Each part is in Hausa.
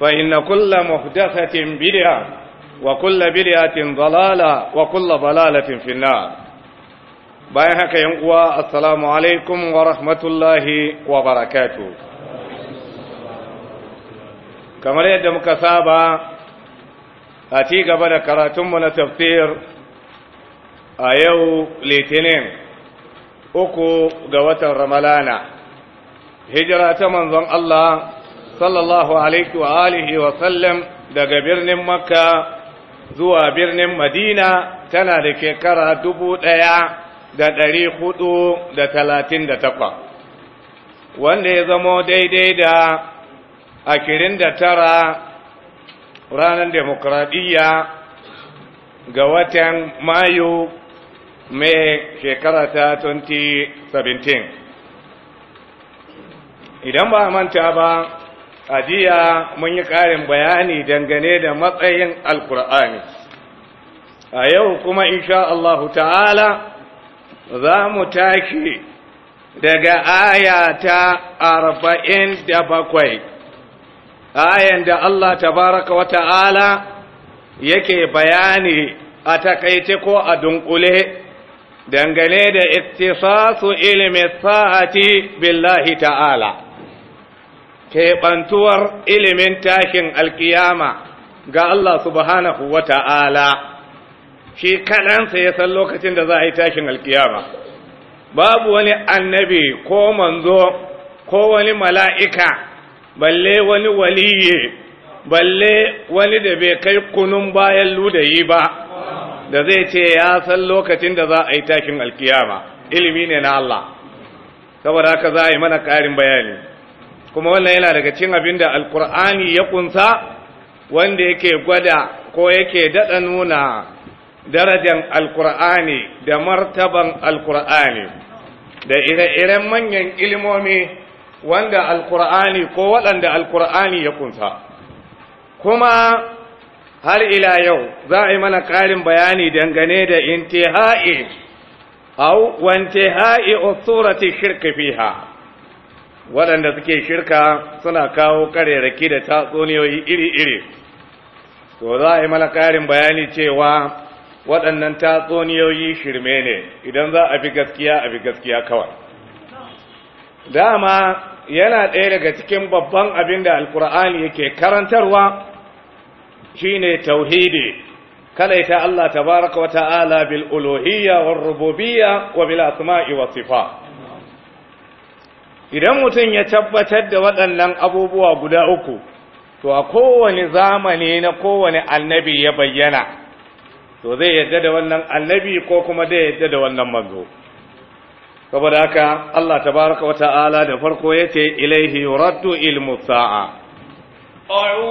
فإن كل محدثة بدعة وكل بدعة ضلالة وكل ضلالة في النار bayan haka yan uwa assalamu alaikum wa rahmatullahi wa barakatu kamar yadda muka saba a ci gaba da karatunmu na tafsir a yau litinin uku ga watan ramalana hijira ta manzon Allah sallallahu alaihi wa alihi wa sallam daga birnin makka zuwa birnin madina tana da shekara dubu ɗaya da ɗari hudu da talatin da takwa wanda ya zamo daidai da ashirin da tara ranar demokuraɗiyya ga watan mayu mai shekara ta 2017 idan ba manta ba jiya mun yi ƙarin bayani dangane da matsayin al alkur'ani a yau kuma insha Allahu ta'ala za mu tashi daga aya ta arba'in da bakwai ayan da Allah tabaraka wa ta'ala yake bayani a takaice ko a dunkule dangane da iktisasu ilimin sa'ati billahi ta'ala keɓantuwar ilimin tashin alkiyama ga Allah subhanahu wa ta'ala shi kaɗansa ya san lokacin da za a yi tashin alkiyama babu wani annabi ko manzo ko wani mala'ika balle wani waliye balle wani da bai kai kunun bayan ludayi ba da zai ce ya san lokacin da za a yi tashin alkiyama ilimi ne na Allah saboda haka za a yi mana ƙarin bayani kuma wannan yana daga cikin abin da alkur'ani ya kunsa wanda yake gwada ko yake daɗa nuna darajan alkur'ani da martaban alkur'ani da ire-iren manyan ilimomi wanda alkur'ani ko waɗanda alkur'ani ya kunsa kuma har ila yau za a yi mana ƙarin bayani dangane da intihai au a usurati shirka fiha waɗanda suke shirka suna kawo ƙarerake da tatsuniyoyi iri-iri to za a yi mana ƙarin bayani cewa waɗannan tatsuniyoyi shirme ne idan za a fi gaskiya a fi gaskiya kawai dama yana ɗaya daga cikin babban abin da alkur'ani yake karantarwa shine tauhidi kalaita Allah tabaraka wa ta'ala bil uluhiyya war rububiyya wa bil asma'i was sifat idan mutum ya tabbatar da waɗannan abubuwa guda uku to a kowane zamani na kowane annabi ya bayyana to zai yadda da wannan annabi ko kuma zai yadda da wannan manzo saboda haka Allah tabaraka wa ta'ala da farko ya ce, ilaihi yuraddu ilmu sa'a sa'a.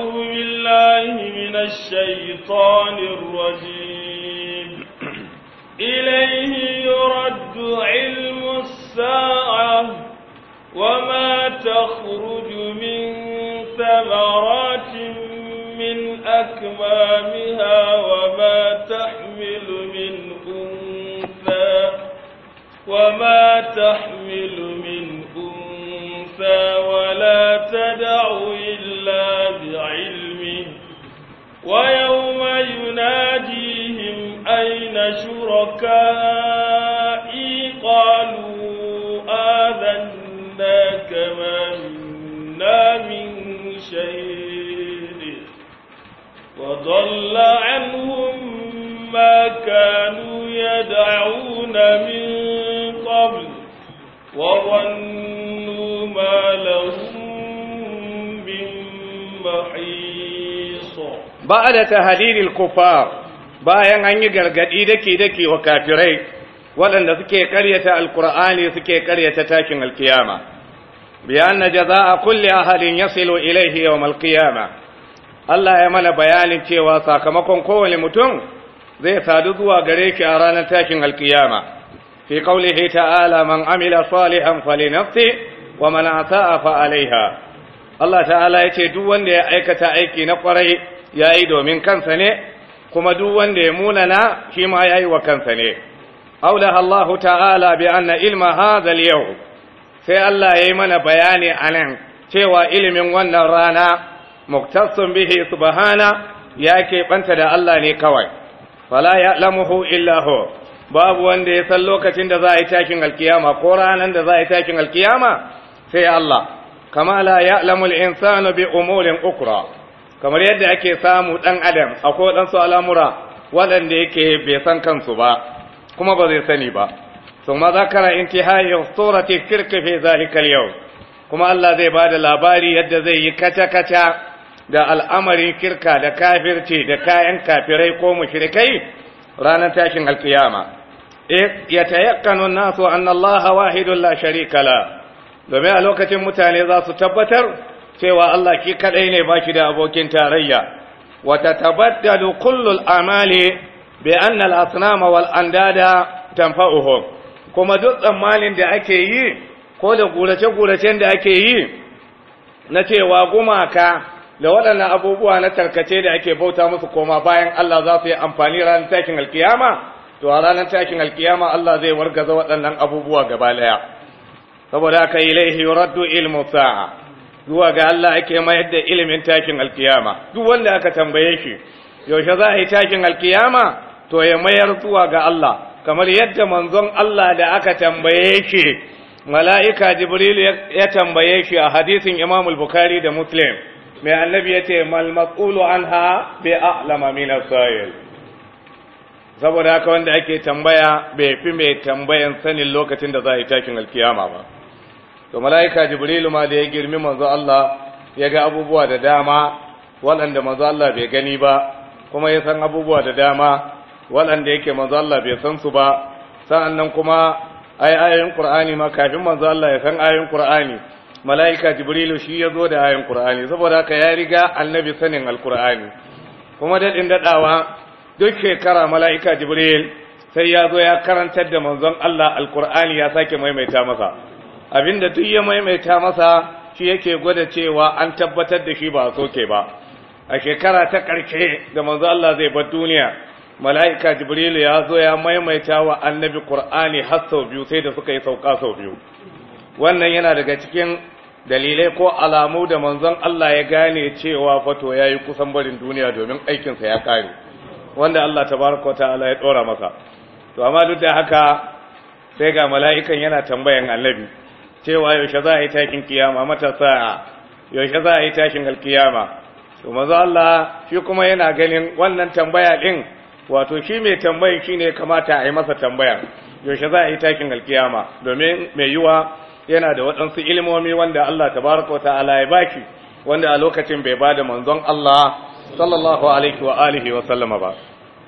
وما تخرج من ثمرات من أكمامها وما تحمل من أنثى وما تحمل من أنثى ولا تدع إلا بعلمه ويوم يناديهم أين شركائي قالوا آذنا أهلكناك ما منا من شيء وضل عنهم ما كانوا يدعون من قبل وظنوا ما لهم من محيص بعد تهديد الكفار bayan an yi gargadi dake dake wa kafirai waɗanda suke karyata alkur'ani suke karyata takin alkiyama Biyanaja za a kulle ahalin yasilu ilaihi yawm malkiyama. Allah ya mana bayanin cewa sakamakon kowane mutum zai sadu zuwa gare ki a ranar takin alkiyama fi qawlihi ta'ala man amila salihan falinafsi wa man a fa'alaiha. Allah ta'ala ya ce duk wanda ya aikata aiki na kwarai yayi domin kansa ne kuma duk wanda ya munana shi ma yayi wa kansa ne aulaha Allah ta'ala bi anna ilma hadha yau. sai Allah ya yi mana bayani anan cewa ilimin wannan rana muktasun bihi subhana yake banta da Allah ne kawai fala ya'lamuhu illa hu babu wanda ya san lokacin da za a yi takin alkiyama ko ranar da za a yi takin alkiyama sai Allah kama la ya'lamu al-insanu bi umurin ukra kamar yadda ake samu ɗan adam akwai ɗansu al'amura waɗanda yake bai san kansu ba kuma ba zai sani ba ثم ذكر انتهاء أسطورة الشرك في ذلك اليوم kuma Allah zai ba da labari yadda zai yi kata-kata da al'amarin kirka da kafirci da kayan kafirai ko mushrikai ranar tashin alkiyama. ya tayakkanu nasu an Allah wahidun la sharika la domin a lokacin mutane za su tabbatar cewa Allah ki kaɗai ne ba shi da abokin tarayya wata tabaddalu kullul amali bi anna al-asnama wal andada tanfa'uhum kuma duk tsammanin da ake yi ko da gurace-guracen da ake yi na cewa gumaka da waɗannan abubuwa na tarkace da ake bauta musu koma bayan Allah za su yi amfani ranar takin alkiyama to a ranar takin alkiyama Allah zai wargaza waɗannan abubuwa gaba ɗaya saboda yi ilaihi yuraddu ilmu sa'a zuwa ga Allah ake mayar da ilimin takin alkiyama duk wanda aka tambaye shi yaushe za a yi takin alkiyama to ya mayar zuwa ga Allah kamar yadda manzon Allah da aka tambaye shi mala'ika jibril ya tambaye shi a hadisin imam al-bukhari da muslim mai annabi yace mal maqulu anha bi a'lama min as-sa'il saboda haka wanda ake tambaya bai fi mai tambayan sanin lokacin da za a yi takin alkiyama ba to mala'ika jibril ma da ya girmi manzo Allah ya ga abubuwa da dama waɗanda manzo Allah bai gani ba kuma ya san abubuwa da dama waɗanda yake manzo Allah bai san su ba sa'annan kuma ai ayoyin Qur'ani ma kafin manzo Allah ya san ayoyin Qur'ani mala'ika Jibrilu shi ya zo da ayoyin Qur'ani saboda haka ya riga annabi sanin alkur'ani kuma daɗin daɗawa duk shekara mala'ika Jibril sai ya zo ya karantar da manzon Allah alkur'ani ya sake maimaita masa abinda duk ya maimaita masa shi yake gwada cewa an tabbatar da shi ba a soke ba a shekara ta karshe da manzo Allah zai bar duniya mala'ika jibrilu ya zo ya maimaita wa annabi qur'ani har sau biyu sai da suka yi sauka sau biyu wannan yana daga cikin dalilai ko alamu da manzon Allah ya gane cewa fato ya yi kusan barin duniya domin aikinsa ya kare wanda Allah tabaraka ta'ala ya ɗora masa to amma duk da haka sai ga mala'ikan yana tambayan annabi cewa yaushe za a yi takin kiyama matasa yaushe za a yi takin alkiyama to Allah shi kuma yana ganin wannan tambaya ɗin wato shi mai tambayin shi ne kamata a yi masa tambaya yaushe za a yi takin alkiyama domin mai yiwa yana da waɗansu ilimomi wanda Allah ta baraka wa ta'ala ya baki wanda a lokacin bai bada manzon Allah sallallahu alaihi wa alihi wa sallama ba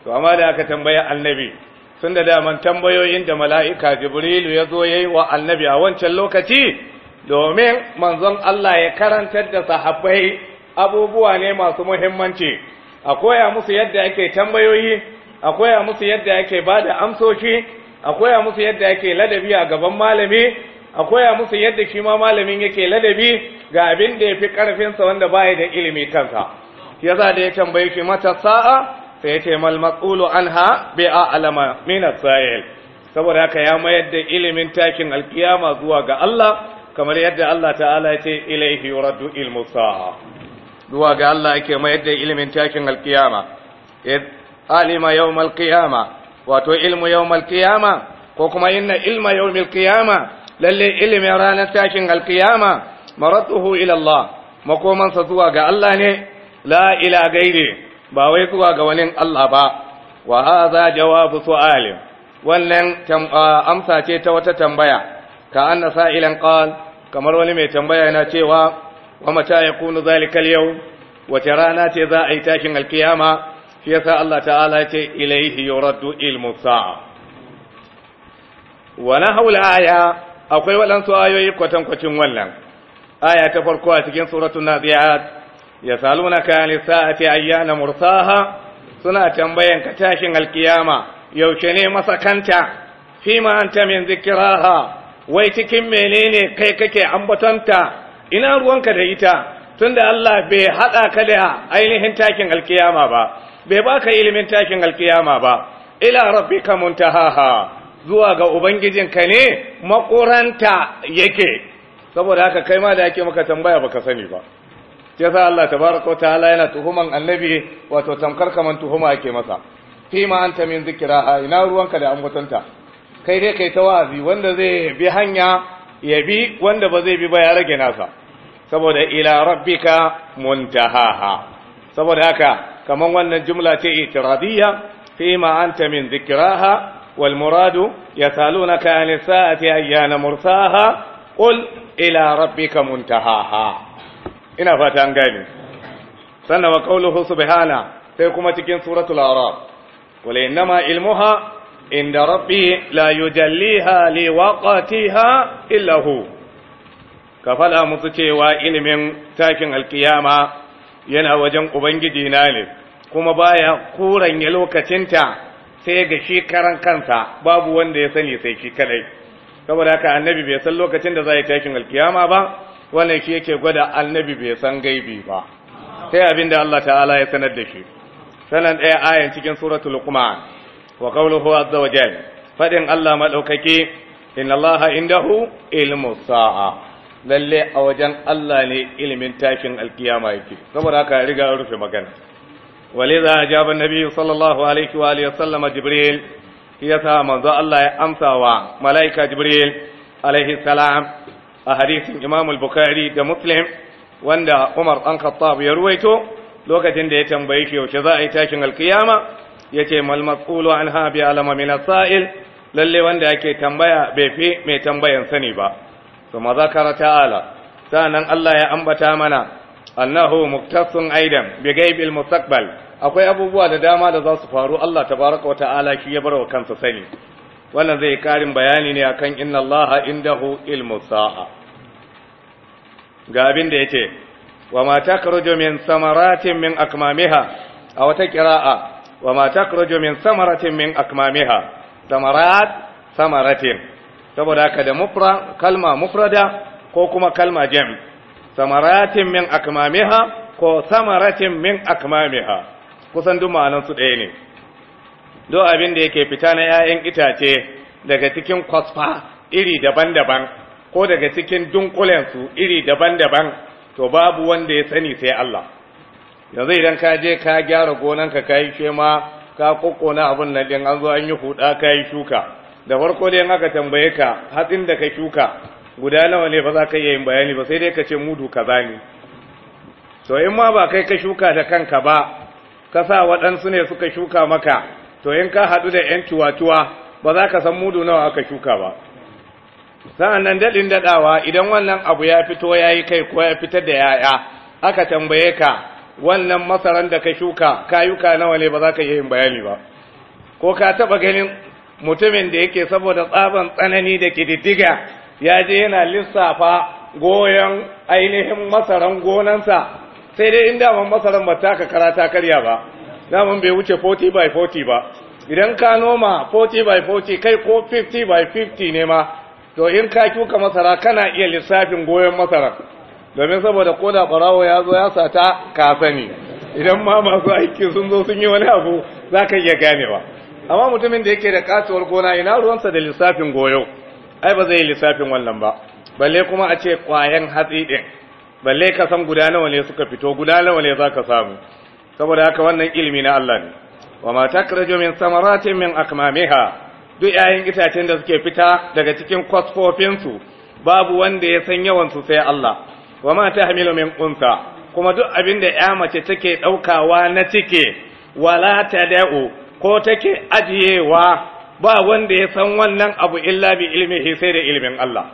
to amma da aka tambaya annabi tun da daman tambayoyin da mala'ika jibrilu ya zo yayi wa annabi a wancan lokaci domin manzon Allah ya karantar da sahabbai abubuwa ne masu muhimmanci a koya musu yadda ake tambayoyi a koya musu yadda ake bada amsoshi a koya musu yadda ake ladabi a gaban malami a koya musu yadda shi ma malamin yake ladabi ga abin da yafi karfinsa wanda baya da ilimi kansa yasa da ya tambaye shi mata sa'a sai ce mal mas'ulu anha bi a'lama min sail saboda haka ya mayar da ilimin takin alkiyama zuwa ga Allah kamar yadda Allah ta'ala ya ce ilaihi yuraddu ilmu sa'a zuwa ga Allah ake mayar da ilimin takin alkiyama alima yawmal qiyama wato ilmu yawmal qiyama ko kuma inna ilma yawmil qiyama lalle ilimin ranar takin alkiyama maraduhu ila Allah makomansa zuwa ga Allah ne la ila gaire ba wai zuwa ga wani Allah ba wa hadha jawabu su'alin wannan amsa ce ta wata tambaya ka anna sa'ilan qal kamar wani mai tambaya yana cewa wa mata kuna zali al yau, wace rana ce za a yi takin alkiyama shi sa Allah ta'ala ya ce ilaihi yuraddu ilmu sa'a Wani haula aya akwai waɗansu ayoyi kwatankwacin wannan aya ta farko a cikin suratul naziyat yasalunaka an sa'ati ayyana mursaha suna tambayan ka takin alkiyama yaushe ne masakanta an ta min zikraha wai cikin menene kai kake ambatonta? ina ruwanka da ita tunda Allah bai haɗa ka da ainihin takin alkiyama ba bai baka ilimin takin alkiyama ba ila rabbika muntahaha zuwa ga Ubangijin ka ne makuranta yake saboda haka kai ma da yake maka tambaya baka sani ba Ya sa Allah tabaraka ta'ala yana tuhuman annabi wato tamkar kaman tuhuma yake masa fima anta min zikraha ina ruwanka da ambotanta kai dai kai ta wa'azi wanda zai bi hanya ya bi wanda ba zai bi ba ya rage nasa saboda ila rabbika muntahaha saboda haka kaman wannan jumla ce itiradiyya fi ma anta min dhikraha wal muradu yasalunaka an sa'ati ayyana mursaha qul ila rabbika muntahaha ina fata an gane sannan wa qawluhu subhana sai kuma cikin suratul araf wal innama ilmuha inda rabbi la yujalliha liwaqatiha illa hu ka faɗa musu cewa ilimin takin alkiyama yana wajen ubangiji na ne kuma baya kuranye lokacinta sai ga shi karan kansa babu wanda ya sani sai shi kadai saboda haka annabi bai san lokacin da za yi takin alkiyama ba wannan shi yake gwada annabi bai san gaibi ba sai abin da Allah ta'ala ya sanar da shi sanan ɗaya ayan cikin suratul luqman wa qawluhu azza wa jalla fadin Allah madaukake inna Allah indahu ilmus sa'a lalle a wajen Allah ne ilimin tashin alkiyama yake saboda haka riga rufe magana waliza ajaba nabi sallallahu alaihi wa alihi sallama jibril yasa manzo Allah ya amsa wa malaika jibril alaihi salam a hadisin imam al-bukhari da muslim wanda umar dan khattab ya ruwaito lokacin da ya tambaye ki yaushe za a yi tashin alkiyama yace mal mas'ulu anha bi alama min as lalle wanda yake tambaya bai fi mai tambayan sani ba kuma Ala, ta'ala sanan Allah ya ambata mana annahu muktasun aidan bi ghaibil akwai abubuwa da dama da za su faru Allah tabaraka wa ta'ala shi ya barwa kansa sani wannan zai karin bayani ne akan inna Allaha indahu ilmu sa'a ga abin da yace wa ma takhruju min samaratin min akmamiha a wata qira'a wa ma takhruju min samaratin min akmamiha samarat samaratin saboda haka da mufra kalma mufrada ko kuma kalma jami samaratin min akmamiha ko samaratin min akmamiha kusan duk ma'anan su ɗaya ne do abin da yake fita na 'ya'yan itace daga cikin kwasfa iri daban-daban ko daga cikin dunkulensu iri daban-daban to babu wanda ya sani sai Allah yanzu idan ka je ka gyara gonanka ka yi shema ka kokkona abin nan din an zo an yi huda ka yi shuka da farko dai aka tambaye ka hatsin da ka shuka guda nawa ne ba za ka iya bayani ba sai dai ka ce mudu kaza ne to in ma ba kai ka shuka da kanka ba ka sa waɗansu ne suka shuka maka to in ka haɗu da 'yan tuwatuwa ba za ka san mudu nawa aka shuka ba sa'an nan daɗin daɗawa idan wannan abu ya fito ya yi kai ko ya fitar da ya'ya aka tambaye ka wannan masaran da ka shuka kayuka nawa ne ba za ka iya yin bayani ba ko ka taɓa ganin mutumin da yake saboda tsaban tsanani da kididdiga ya je yana lissafa goyon ainihin masaran gonansa sai dai inda man masaran ba ta ka karata karya ba daman bai wuce 40 by 40 ba idan ka noma 40 by 40 kai ko 50 by 50 ne ma to in ka kuka masara kana iya lissafin goyon masaran domin saboda koda barawo ya zo ya sata ka sani idan ma masu aiki sun zo sun yi wani abu za ka iya ganewa amma mutumin da yake da katuwar gona ina ruwansa da lissafin goyo ai ba zai yi lissafin wannan ba balle kuma a ce kwayan hatsi din balle ka san guda nawa ne suka fito guda nawa ne ka samu saboda haka wannan ilimi na Allah ne wa ma takrajo min samaratin min akmamiha duk 'ya'yan itacen da suke fita daga cikin su babu wanda ya san yawan su sai Allah wa ma tahmilu min unsa kuma duk abin da ya mace take daukawa na cike wala tada'u ko take ajiyewa ba wanda ya san wannan abu illa bi ilmihi sai da ilmin Allah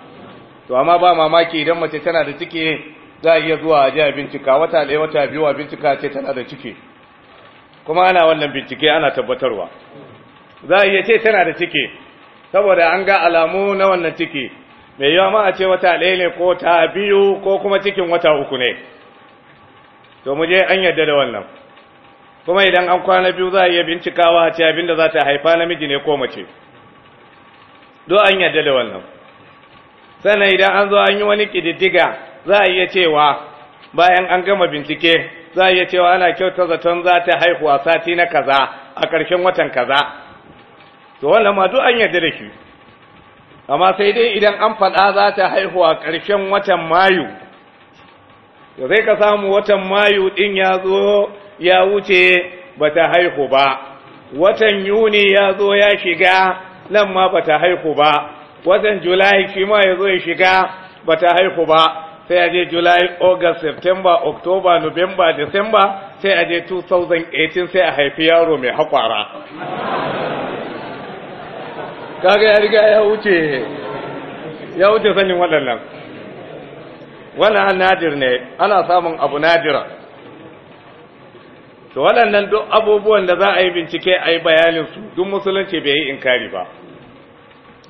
to amma ba mamaki idan mace tana da ciki za a iya zuwa a ji a bincika wata ɗaya wata biyu a bincika ce tana da ciki kuma ana wannan bincike ana tabbatarwa za a iya ce tana da ciki saboda an ga alamu na wannan ciki mai yawa ma a ce wata ɗaya ne ko ta biyu ko kuma cikin wata uku ne to mu je an yarda da wannan kuma idan an kwana biyu za a iya bincikawa a ce abin da za ta haifa namiji ne ko mace do an yarda da wannan sannan idan an zo an yi wani ƙididdiga za a iya cewa bayan an gama bincike za a iya cewa ana kyauta zaton za ta haihuwa sati na kaza a ƙarshen watan kaza to wannan ma duk an yarda da shi amma sai dai idan an faɗa za ta haihuwa ƙarshen watan mayu da zai ka samu watan mayu ɗin ya zo ya wuce ba ta haihu ba watan yuni ya zo ya shiga nan ma ba ta haihu ba watan julai shi ma ya zo ya shiga ba ta haihu ba sai aje Julai, August, September, October, November, December sai aje 2018 sai a haifi yaro mai hakwara. Kaga ya riga ya wuce ya wuce sanin waɗannan. Wannan nadir ne, ana samun abu nadira. to waɗannan duk abubuwan da za a yi bincike a yi bayanin su duk musulunci bai yi inkari ba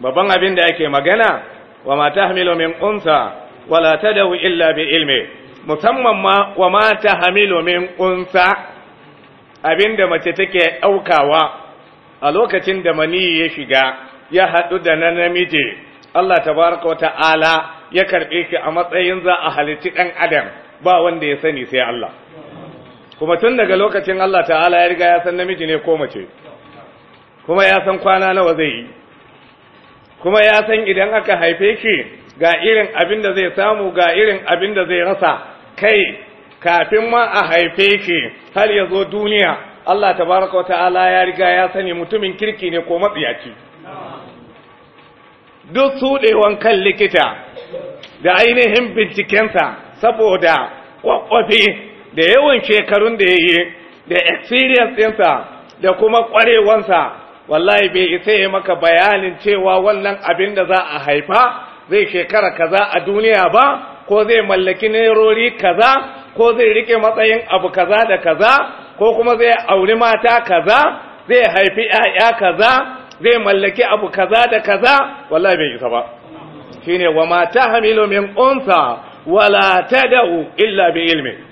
babban abin da ake magana wa ma hamilu min unsa wala tadahu illa bi ilmi musamman ma wa ma hamilu min unsa da mace take ɗaukawa, a lokacin da mani ya shiga ya haɗu da na namiji Allah tabaraka ta'ala ya karbe shi a matsayin za a halitti dan adam ba wanda ya sani sai Allah kuma tun daga lokacin Allah ta'ala ya riga ya san namiji ne ko mace kuma ya san kwana nawa zai yi kuma ya san idan aka haife shi ga irin abin da zai samu ga irin abin da zai rasa kai kafin ma a haife shi har ya zo duniya Allah tabaraka ta'ala ya riga ya sani mutumin kirki ne ko matsiyaci duk suɗewan kan likita da ainihin bincikensa saboda kwakwafi da yawan shekarun da ya yi da experience ɗinsa da kuma ƙwarewansa wallahi bai isa ya maka bayanin cewa wannan abin da za a haifa zai shekara kaza a duniya ba ko zai mallaki nerori kaza ko zai rike matsayin abu kaza da kaza ko kuma zai auri mata kaza zai haifi 'ya'ya kaza zai mallaki abu kaza da kaza wallahi bai isa ba shine wa ma tahmilu min unsa wala tadau illa bi ilmi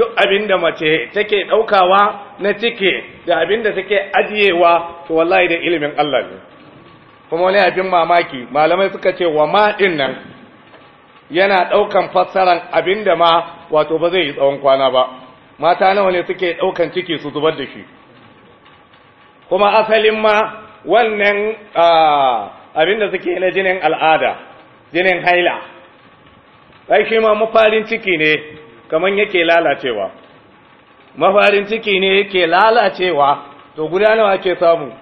duk abinda mace take ɗaukawa na cike da abin da take ajiyewa to wallahi da ilimin Allah ne kuma wani abin mamaki malamai suka ce wa ma ɗin nan yana ɗaukan fassaran abin ma wato ba zai yi tsawon kwana ba mata nawa ne suke ɗaukan ciki su zubar da shi kuma asalin ma wannan abin da suke na jinin al'ada jinin haila ai shi ma mafarin ciki ne kamar yake lalacewa mafarin ciki ne yake lalacewa to guda nawa ke samu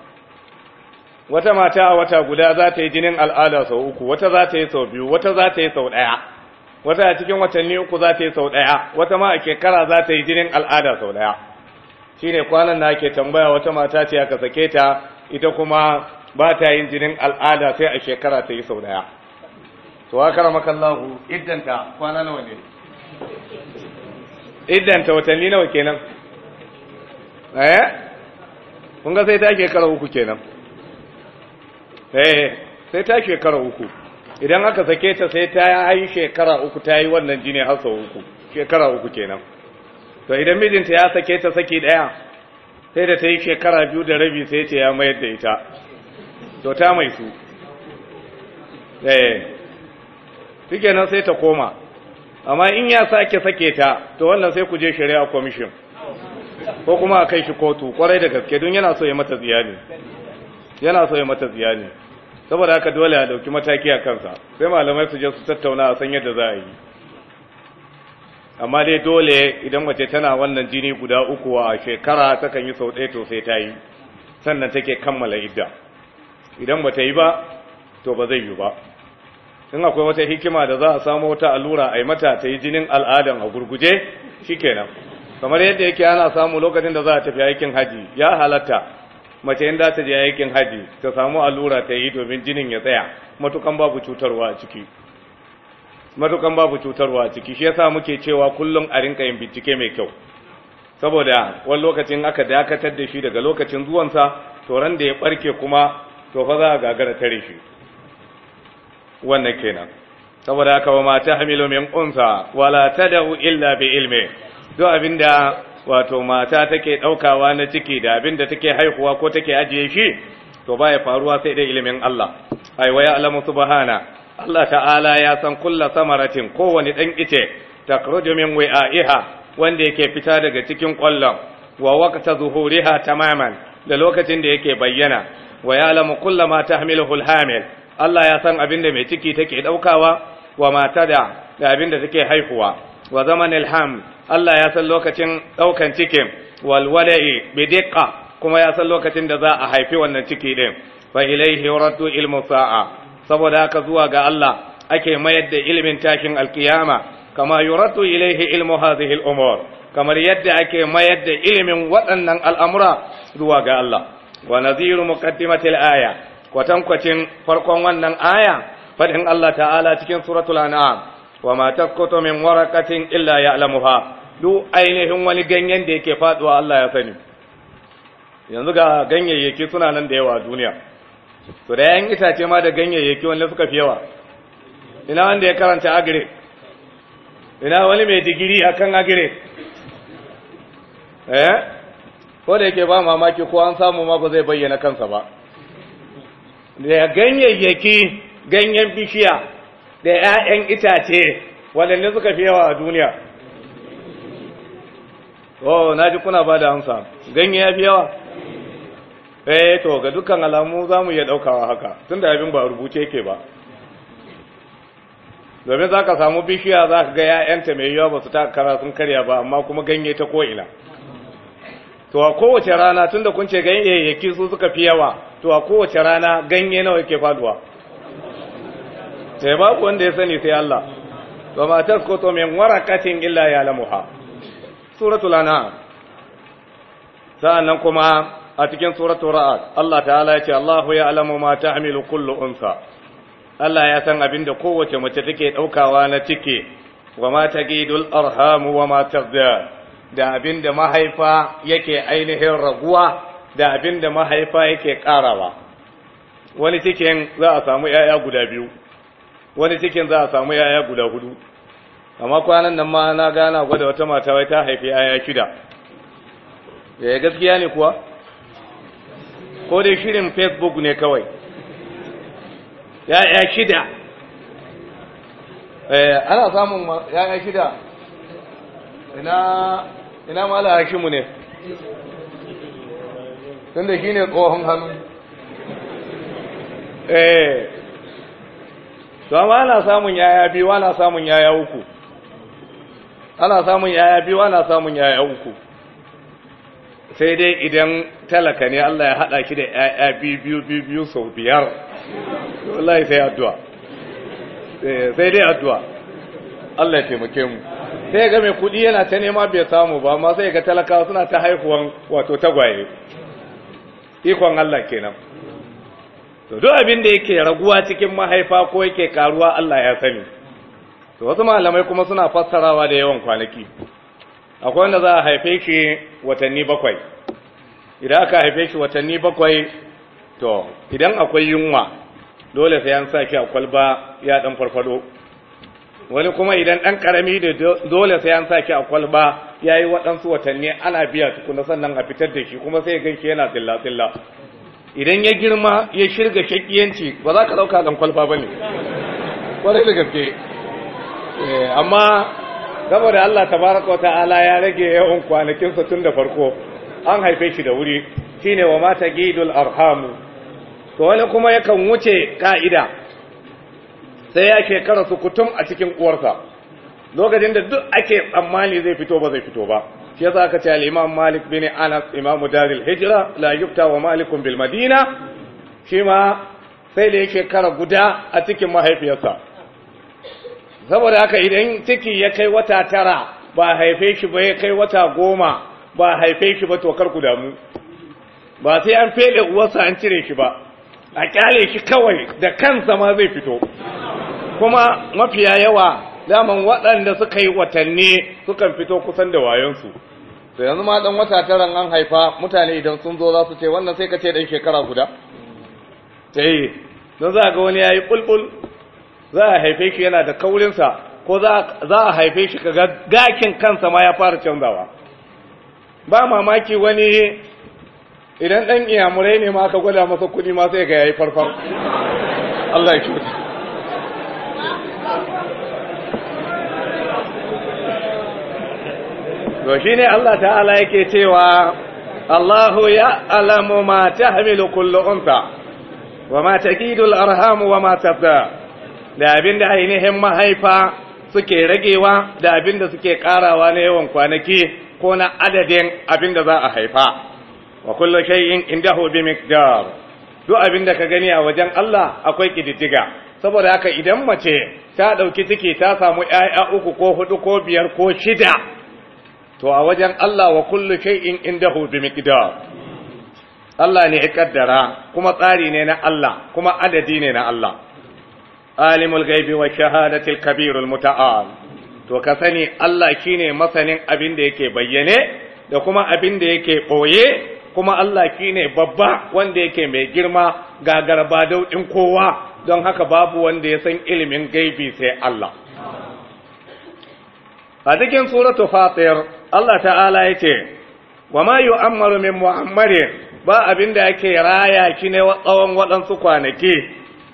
wata mata a wata guda za ta yi jinin al'ada sau uku wata za ta yi sau biyu wata za ta yi sau ɗaya wata a cikin watanni uku za ta yi sau ɗaya wata ma a shekara za ta yi jinin al'ada sau ɗaya shine kwanan na ake tambaya wata mata ce aka sake ta ita kuma ba ta yin jinin al'ada sai a shekara ta yi sau ɗaya to haka ramakallahu iddanta kwana nawa ne iddanta watanni nawa kenan eh kun ga sai ta shekara uku kenan eh sai ta shekara uku idan aka sake ta sai ta yi shekara uku ta yi wannan jini har sau uku shekara uku kenan to idan mijinta ya sake ta saki daya sai da ta yi shekara biyu da rabi sai ce ya mayar da ita to ta mai su eh shikenan sai ta koma amma in ya sake sake ta to wannan sai ku je shari'a commission ko kuma a kai shi kotu kwarai da gaske don yana so ya mata ziyani yana so ya mata ziyani saboda haka dole a dauki mataki a kansa sai malamai su je su tattauna a san yadda za a yi amma dai dole idan mace tana wannan jini guda uku a shekara takan yi sau ɗaya to sai ta yi sannan take kammala idda idan ba ta yi ba to ba zai yi ba in akwai wata hikima da za a samu wata allura a yi mata ta yi jinin al'adan a gurguje shikenan kamar yadda yake ana samu lokacin da za a tafi aikin haji ya halatta mace in za ta je aikin haji ta samu allura ta yi domin jinin ya tsaya matukan babu cutarwa a ciki matukan babu cutarwa a ciki shi yasa muke cewa kullum a rinka yin bincike mai kyau saboda wani lokacin aka dakatar da shi daga lokacin zuwansa to ran da ya barke kuma to fa za a gagara tare shi wannan kenan saboda haka wa mata hamilu min unsa wala tadau illa bi ilmi duk abinda wato mata take daukawa na ciki da abinda take haihuwa ko take ajiye shi to baya faruwa sai da ilimin Allah ai wa ya'lamu subhana Allah ta'ala ya san kulla samaratin kowani dan ice takruju min wi'aiha wanda yake fita daga cikin kwallon wa waqta zuhuriha tamaman da lokacin da yake bayyana wa ya'lamu kulla ma tahmiluhu al-hamil Allah ya san abin da mai ciki take ɗaukawa wa mata da abin da take haihuwa wa zaman ilham Allah ya san lokacin ɗaukan cikin wal wala'i kuma ya san lokacin da za a haifi wannan ciki ɗin fa ilaihi, yuraddu ilmu sa'a saboda haka zuwa ga Allah ake mayar da ilmin tashin alkiyama kama yuraddu ilaihi, ilmu hadhihi al kamar yadda ake mayar da ilimin waɗannan al'amura zuwa ga Allah wa nadhiru muqaddimatil aya kwatankwacin farkon wannan aya fadin Allah ta'ala cikin suratul an'am wa ma takutu min waraqatin illa ya'lamuha duk ainihin wani ganyen da yake faduwa Allah ya sani yanzu ga ganyayyaki suna nan da yawa a duniya to da yan itace ma da ganyayyaki wanda suka fi yawa ina wanda ya karanta agire ina wani mai digiri akan agire eh ko da yake ba mamaki ko an samu ma ba zai bayyana kansa ba da ganyayyaki ganyen bishiya da 'ya'yan itace waɗanda suka fi yawa a duniya oh na ji kuna ba da amsa ganye ya fi yawa eh to ga dukkan alamu za mu iya ɗaukawa haka tun da abin ba rubuce ke ba domin za ka samu bishiya za ka ga 'ya'yanta mai yawa ba su ta kara karya ba amma kuma ganye ta ko'ina to a kowace rana tunda kun ce ganyayyaki su suka fi yawa to a kowace rana ganye nawa yake faduwa sai babu wanda ya sani sai Allah wa ma tasqutu min waraqatin illa ya'lamuha suratul an'am sa'annan kuma a cikin suratul ra'd Allah ta'ala ya ce Allahu ya'lamu ma ta'milu kullu unsa Allah ya san abin da kowace mace take daukawa na cike wa ma tagidul arham wa ma tazdad da abin da mahaifa yake ainihin raguwa da abin da mahaifa yake karawa wani cikin za a samu yaya guda biyu wani cikin za a samu yaya guda hudu amma kwanan nan ma na gana gwada wata mata wai ta haifi yaya shida yi eh, gaskiya ne kuwa ko dai shirin facebook ne kawai yaya shida eh, ana samun yaya shida na ina mala hakimu ne da shi ne tsohon hannu eh don ana samun yaya biyu ana samun yaya uku ana samun yaya biyu ana samun yaya uku sai dai idan talaka ne Allah ya haɗa ki da yaya biyu biyu biyu sau biyar wallahi sai addu'a eh, sai dai addu'a Allah ya taimake mu sai ga mai kudi yana ta nema bai samu ba amma sai ga talakawa suna ta haihuwan wato tagwaye ikon Allah kenan to duk abin da yake raguwa cikin mahaifa ko yake karuwa Allah ya sani to wasu malamai kuma suna fassarawa da yawan kwanaki akwai wanda za a haife shi watanni bakwai idan aka haife shi watanni bakwai to idan akwai yunwa dole sai an sa shi a kwalba ya dan farfado wani kuma idan ɗan ƙarami da dole sai an saki a kwalba ya yi waɗansu watanni ana biya tukuna sannan a fitar da shi kuma sai ganshi yana tsilla-tsilla idan ya girma ya shirga shakiyanci ba za ka ɗauka ɗan kwalba ba ne ƙwarai da gaske eh, amma da Allah tabaraka wa ta'ala ya rage yawan kwanakinsa tun da farko an haife shi da wuri ne wa mata gidul arhamu to wani kuma yakan wuce ka'ida sai ya shekara su kutum a cikin uwarsa lokacin da duk ake tsammani zai fito ba zai fito ba shi yasa aka ce al-Imam Malik bin Anas Imam Daril Hijra la yufta wa Malikun bil Madina shi ma sai da yake kara guda a cikin mahaifiyarsa saboda haka idan ciki ya kai wata tara ba haife shi ba ya kai wata goma ba haife shi ba to kar ku damu ba sai an fele uwarsa an cire shi ba a kyale shi kawai da kansa ma zai fito kuma mafiya yawa daman waɗanda suka yi watanni sukan fito kusan da wayonsu to yanzu ma dan wata taran an haifa mutane idan sun zo za su ce wannan sai ka ce dan shekara guda sai eh, don za ga wani ya yi bulbul za a haife shi yana da kaurinsa ko za a haife shi kaga gakin kansa ma ya fara canzawa ba mamaki wani idan ɗan iyamurai ne ma aka gwada masa kuɗi ma sai ga yayi farfar Allah ya kyauta to shine Allah ta'ala yake cewa Allahu ya'lamu ma tahmilu kullu unta wa ma taqidu al-arham wa ma tabda da abin da ainihin mahaifa suke ragewa da abin da suke karawa na yawan kwanaki ko na adadin abin da za a haifa wa kullu shay'in indahu bi miqdar duk abin da ka gani a wajen Allah akwai kididdiga saboda haka idan mace ta dauki ciki ta samu ƴaƴa uku ko hudu ko biyar ko shida to a wajen Allah wa kullu shay'in indahu bi miqdar Allah ne ya kaddara kuma tsari ne na Allah kuma adadi ne na Allah alimul ghaibi wa shahadatil kabirul muta'al to ka sani Allah shine masanin abin da yake bayyane da kuma abin da yake koye kuma Allah shine babba wanda yake mai girma ga garba in kowa don haka babu wanda ya san ilimin gaibi sai Allah a cikin suratu fatir Allah ta'ala ya ce, wa ma yi yu'ammaru min Muhammadu ba abin da yake raya ki ne tsawon waɗansu kwanaki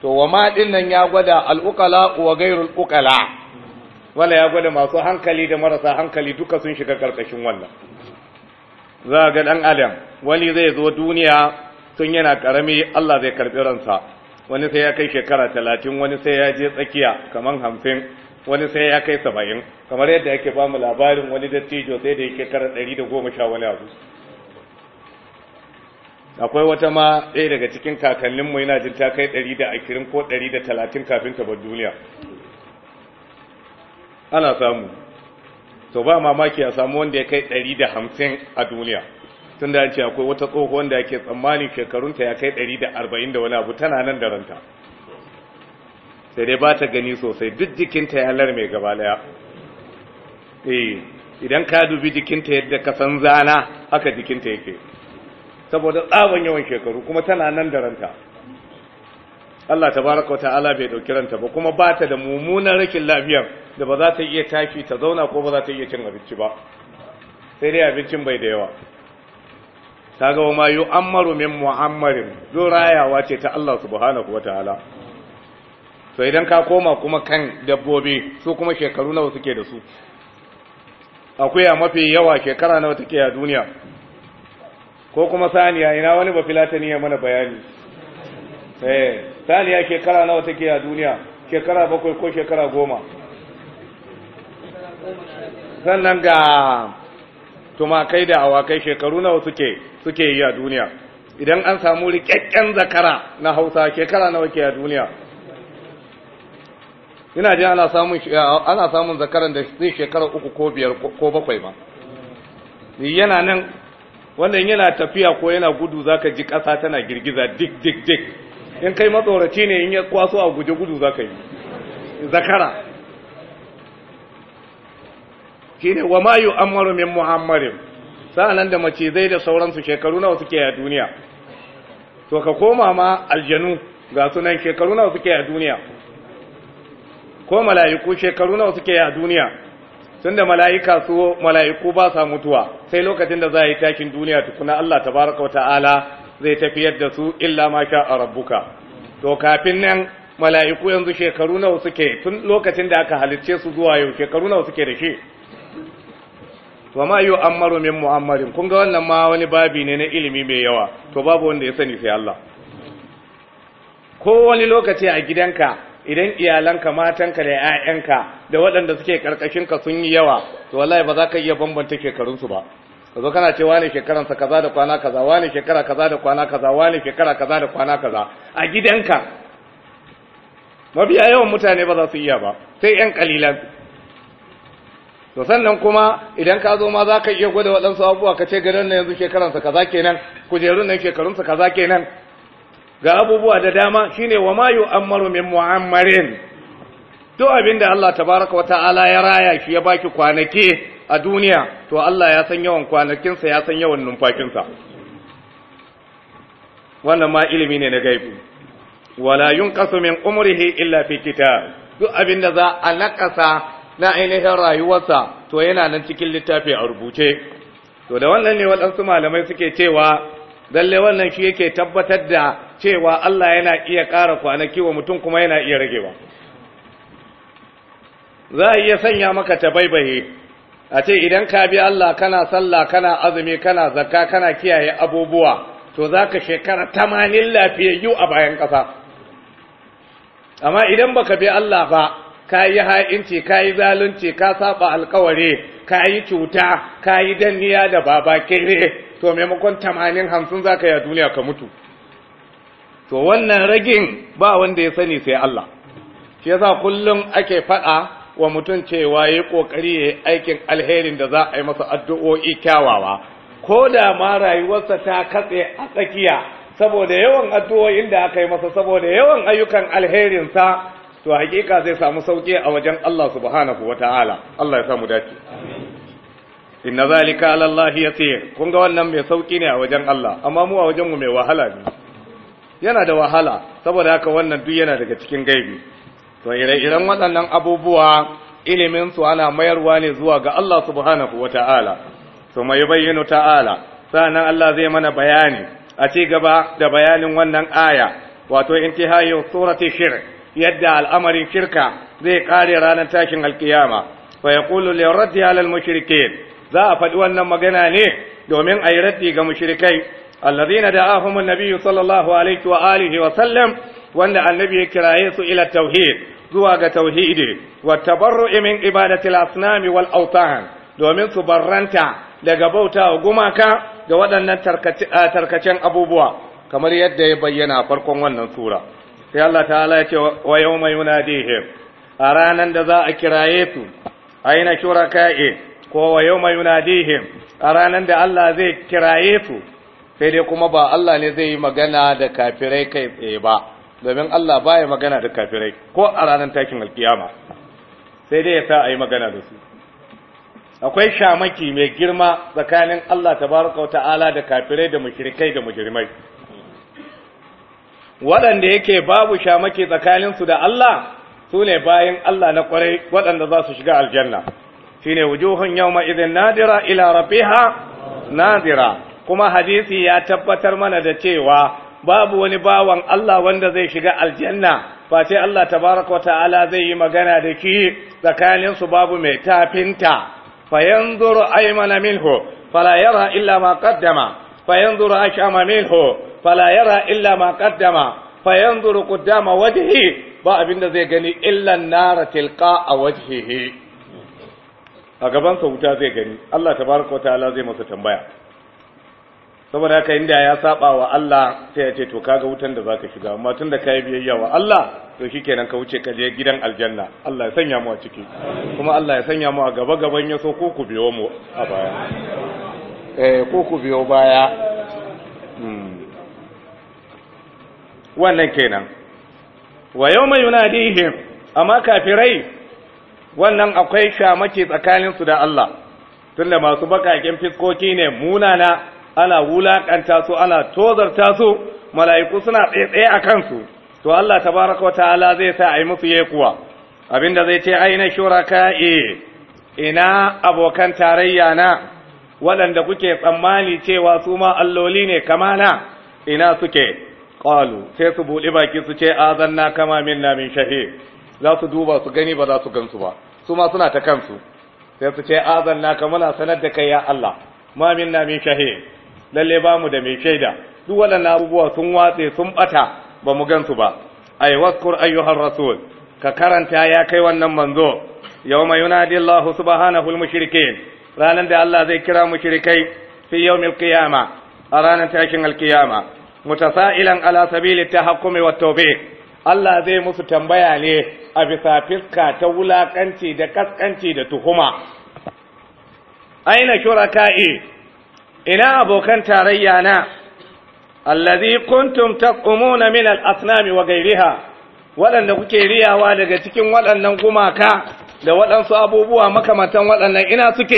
to wa ma nan ya gwada al'ukala wa gairul wala ya gwada masu hankali da marasa hankali duka sun shiga ƙarƙashin wannan za ga dan adam wani zai zo duniya tun yana karami Allah zai karbi ransa wani sai ya kai shekara talatin wani sai ya je tsakiya kamar hamsin wani sai ya kai saba'in kamar yadda yake ba mu labarin wani dattijo sai da yake kara ɗari da goma sha wani abu akwai wata ma ɗaya daga cikin kakanninmu yana jin ta kai ɗari da ashirin ko ɗari da talatin kafin ta bar duniya ana samu to ba mamaki a samu wanda ya kai 150 a duniya tun da ce akwai wata tsoho wanda yake tsammani shekarunta ya kai 140 da wani abu tana nan da ranta sai dai ba ta gani sosai duk jikinta ya lar mai gaba daya eh idan ka dubi jikinta yadda ka san zana haka jikinta yake saboda tsaban yawan shekaru kuma tana nan da ranta Allah tabaraka wa ta'ala bai ɗauki ranta ba kuma ba ta da mummunan rakin lafiyar da ba za ta iya tafi ta zauna ko ba za ta iya cin abinci ba sai dai abincin bai da yawa Ta ga ma yu'ammaru min muhammarin rayawa ce ta Allah subhanahu wa ta'ala to idan ka koma kuma kan dabbobi su kuma shekaru nawa suke da su akuya mafi yawa shekara nawa take a duniya ko kuma saniya ina wani ba ya mana bayani eh saniya shekara nawa take a duniya shekara bakwai ko shekara goma sannan ga tumakai da awakai shekaru nawa suke suke yi a duniya idan an samu rikakken zakara na hausa shekara nawa ke a duniya ina ji ana samun ana samun zakaran da zai shekara uku ko biyar ko bakwai ba yana nan wannan yana tafiya ko yana gudu zaka ji ƙasa tana girgiza dik dik dik in kai matsoraci ne in ya kwaso a guje gudu za ka yi zakara shi ne wa mayu amaru min muhammadin sa'anan da mace zai da sauransu shekaru nawa suke a duniya to ka koma ma aljanu ga sunan shekaru nawa suke a duniya ko mala'iku shekaru nawa suke a duniya da mala'ika su mala'iku ba sa mutuwa sai lokacin da za a yi takin duniya tukuna Allah tabaraka wa ta'ala zai tafiyar da su illa ma sha a rabbuka to kafin nan mala'iku yanzu shekaru nawa suke tun lokacin da aka halicce su zuwa yau shekaru nawa suke da shi to ma yu ammaru min mu'ammarin kun ga wannan ma wani babi ne na ilimi mai yawa to babu wanda ya sani sai Allah ko wani lokaci a gidanka idan iyalanka matanka da 'ya'yanka da waɗanda suke karkashinka sun yi yawa to wallahi ba za ka iya bambanta shekarunsu ba ka zo kana cewa ne shekaran sa kaza da kwana kaza wani shekara kaza da kwana kaza wani shekara kaza da kwana kaza a gidanka Mabiya yawan mutane ba za su iya ba sai yan kalilan to sannan kuma idan ka zo ma za ka iya gwada waɗansu abubuwa ka ce gadon na yanzu shekaransa kaza kenan kujerun nan shekarunsa kaza kenan ga abubuwa da dama shine wa ma yu'ammaru min mu'ammarin to abinda Allah tabaraka ta'ala ya raya shi ya baki kwanaki a duniya to Allah ya san yawan kwanakinsa ya san yawan numfakinsa wannan ma ilimi ne na gaibu wala yunqasu min umrihi illa fi kitab duk abin da za a nakasa na ainihin rayuwarsa to yana nan cikin littafi a rubuce to da wannan ne wadansu malamai suke cewa lalle wannan shi yake tabbatar da cewa Allah yana iya ƙara kwanaki wa mutum kuma yana iya ragewa za a iya sanya maka tabaibaye a ce idan ka bi Allah kana sallah kana azumi kana zakka kana kiyaye abubuwa to zaka shekara 80 lafiyayyu a bayan kasa amma idan baka bi Allah ba ka yi ha'inci ka yi zalunci ka saba alkawari ka yi cuta ka yi danniya da baba kere to maimakon 80 50 zaka ya duniya ka mutu to wannan ragin ba wanda ya sani sai Allah shi yasa kullum ake faɗa wa mutum cewa ya yi ƙoƙari ya aikin alherin da za a yi masa addu'o'i kyawawa ko da ma rayuwarsa ta katse a tsakiya saboda yawan addu'o'in da aka yi masa saboda yawan ayyukan alherinsa to hakika zai samu sauƙi a wajen Allah subhanahu wa ta'ala Allah ya samu dace inna zalika ala ya yasir kun ga wannan mai sauƙi ne a wajen Allah amma mu a wajen mai wahala ne yana da wahala saboda haka wannan duk yana daga cikin gaibi to ire-iren waɗannan abubuwa iliminsu ana mayarwa ne zuwa ga Allah subhanahu ta'ala, su mai bayyano ta'ala sannan Allah zai mana bayani a ci gaba da bayanin wannan aya wato intihayu surati shirk yadda al'amarin shirka zai kare ranar tashin alkiyama fa ya li raddi ala al za a faɗi wannan magana ne domin a yi raddi ga mushrikai alladhina da an-nabiy sallallahu alaihi wa alihi wa sallam wanda annabi ya kiraye su ila tauhid zuwa ga tauhidi wa tabarru'i min ibadati al-asnami wal awtan domin su barranta daga bautawa gumaka da waɗannan tarkacen abubuwa kamar yadda ya bayyana a farkon wannan sura sai Allah ta'ala ya ce wa yawma yunadihim a ranan da za a kiraye su aina shuraka'i ko wa yawma yunadihim a ranan da Allah zai kiraye su sai dai kuma ba Allah ne zai yi magana da kafirai kai tsaye ba domin Allah baya magana da kafirai ko a ranar takin alkiyama sai dai ya sa a yi magana da su akwai shamaki mai girma tsakanin Allah tabaraka wa ta'ala da kafirai da mashirikai da mujrimai waɗanda yake babu shamaki tsakaninsu da Allah su ne bayan Allah na ƙwarai waɗanda za su shiga aljanna Shi shine wujuhun yawma idhin nadira ila rabiha nadira kuma hadisi ya tabbatar mana da cewa babu wani bawan Allah wanda zai shiga aljanna face Allah tabaraka wa ta'ala zai yi magana da ki tsakanin su babu mai tafinta fa yanzuru aymana minhu fala yara illa ma qaddama fa yanzuru ashama minhu fala yara illa ma qaddama fa yanzuru qaddama wajhi ba abinda zai gani illa nara tilqa a wajhihi a gaban sa wuta zai gani Allah tabaraka wa ta'ala zai masa tambaya saboda haka inda ya saba wa Allah sai ya ce to kaga wutan da zaka shiga amma tunda kai biyayya wa Allah to shikenan ka wuce ka je gidan aljanna Allah ya sanya mu a ciki kuma Allah ya sanya mu a gaba gaban yaso ko ku biyo mu a baya eh ko ku biyo baya hmm. wannan kenan wa yawma yunadihim amma kafirai wannan akwai shamaki tsakaninsu da Allah tunda masu bakaken fiskoki ne munana ana wulakanta su ana tozarta su mala'iku suna tsaye a kansu to Allah tabaraka ta'ala zai sa a yi musu yekuwa abinda zai ce aina e ina abokan tarayya na waɗanda kuke tsammani cewa su ma alloli ne kamana ina suke qalu sai su buɗi baki su ce azanna kama minna min shahi za su duba su gani ba za su gansu ba su ma suna ta kansu sai su ce azanna kama muna sanar da kai ya Allah ma minna min shahi lalle ba mu da mai shaida duk waɗannan abubuwa sun watse sun ɓata ba mu gansu ba ay waskur ayyuhar rasul ka karanta ya kai wannan manzo yawma yunadi allahu subhanahu al mushrikin ranan da Allah zai kira mushrikai fi yawmil qiyama a ranar tashin alkiyama mutasailan ala sabili tahakkumi wat tawbih Allah zai musu tambaya ne a bisa fiska ta wulakanci da kaskanci da tuhuma aina shuraka'i ina abokan tarayya na allazi kuntum taqumuna min al-asnami wa ghayriha waɗanda kuke riyawa daga cikin waɗannan gumaka da waɗansu abubuwa makamantan waɗannan ina suke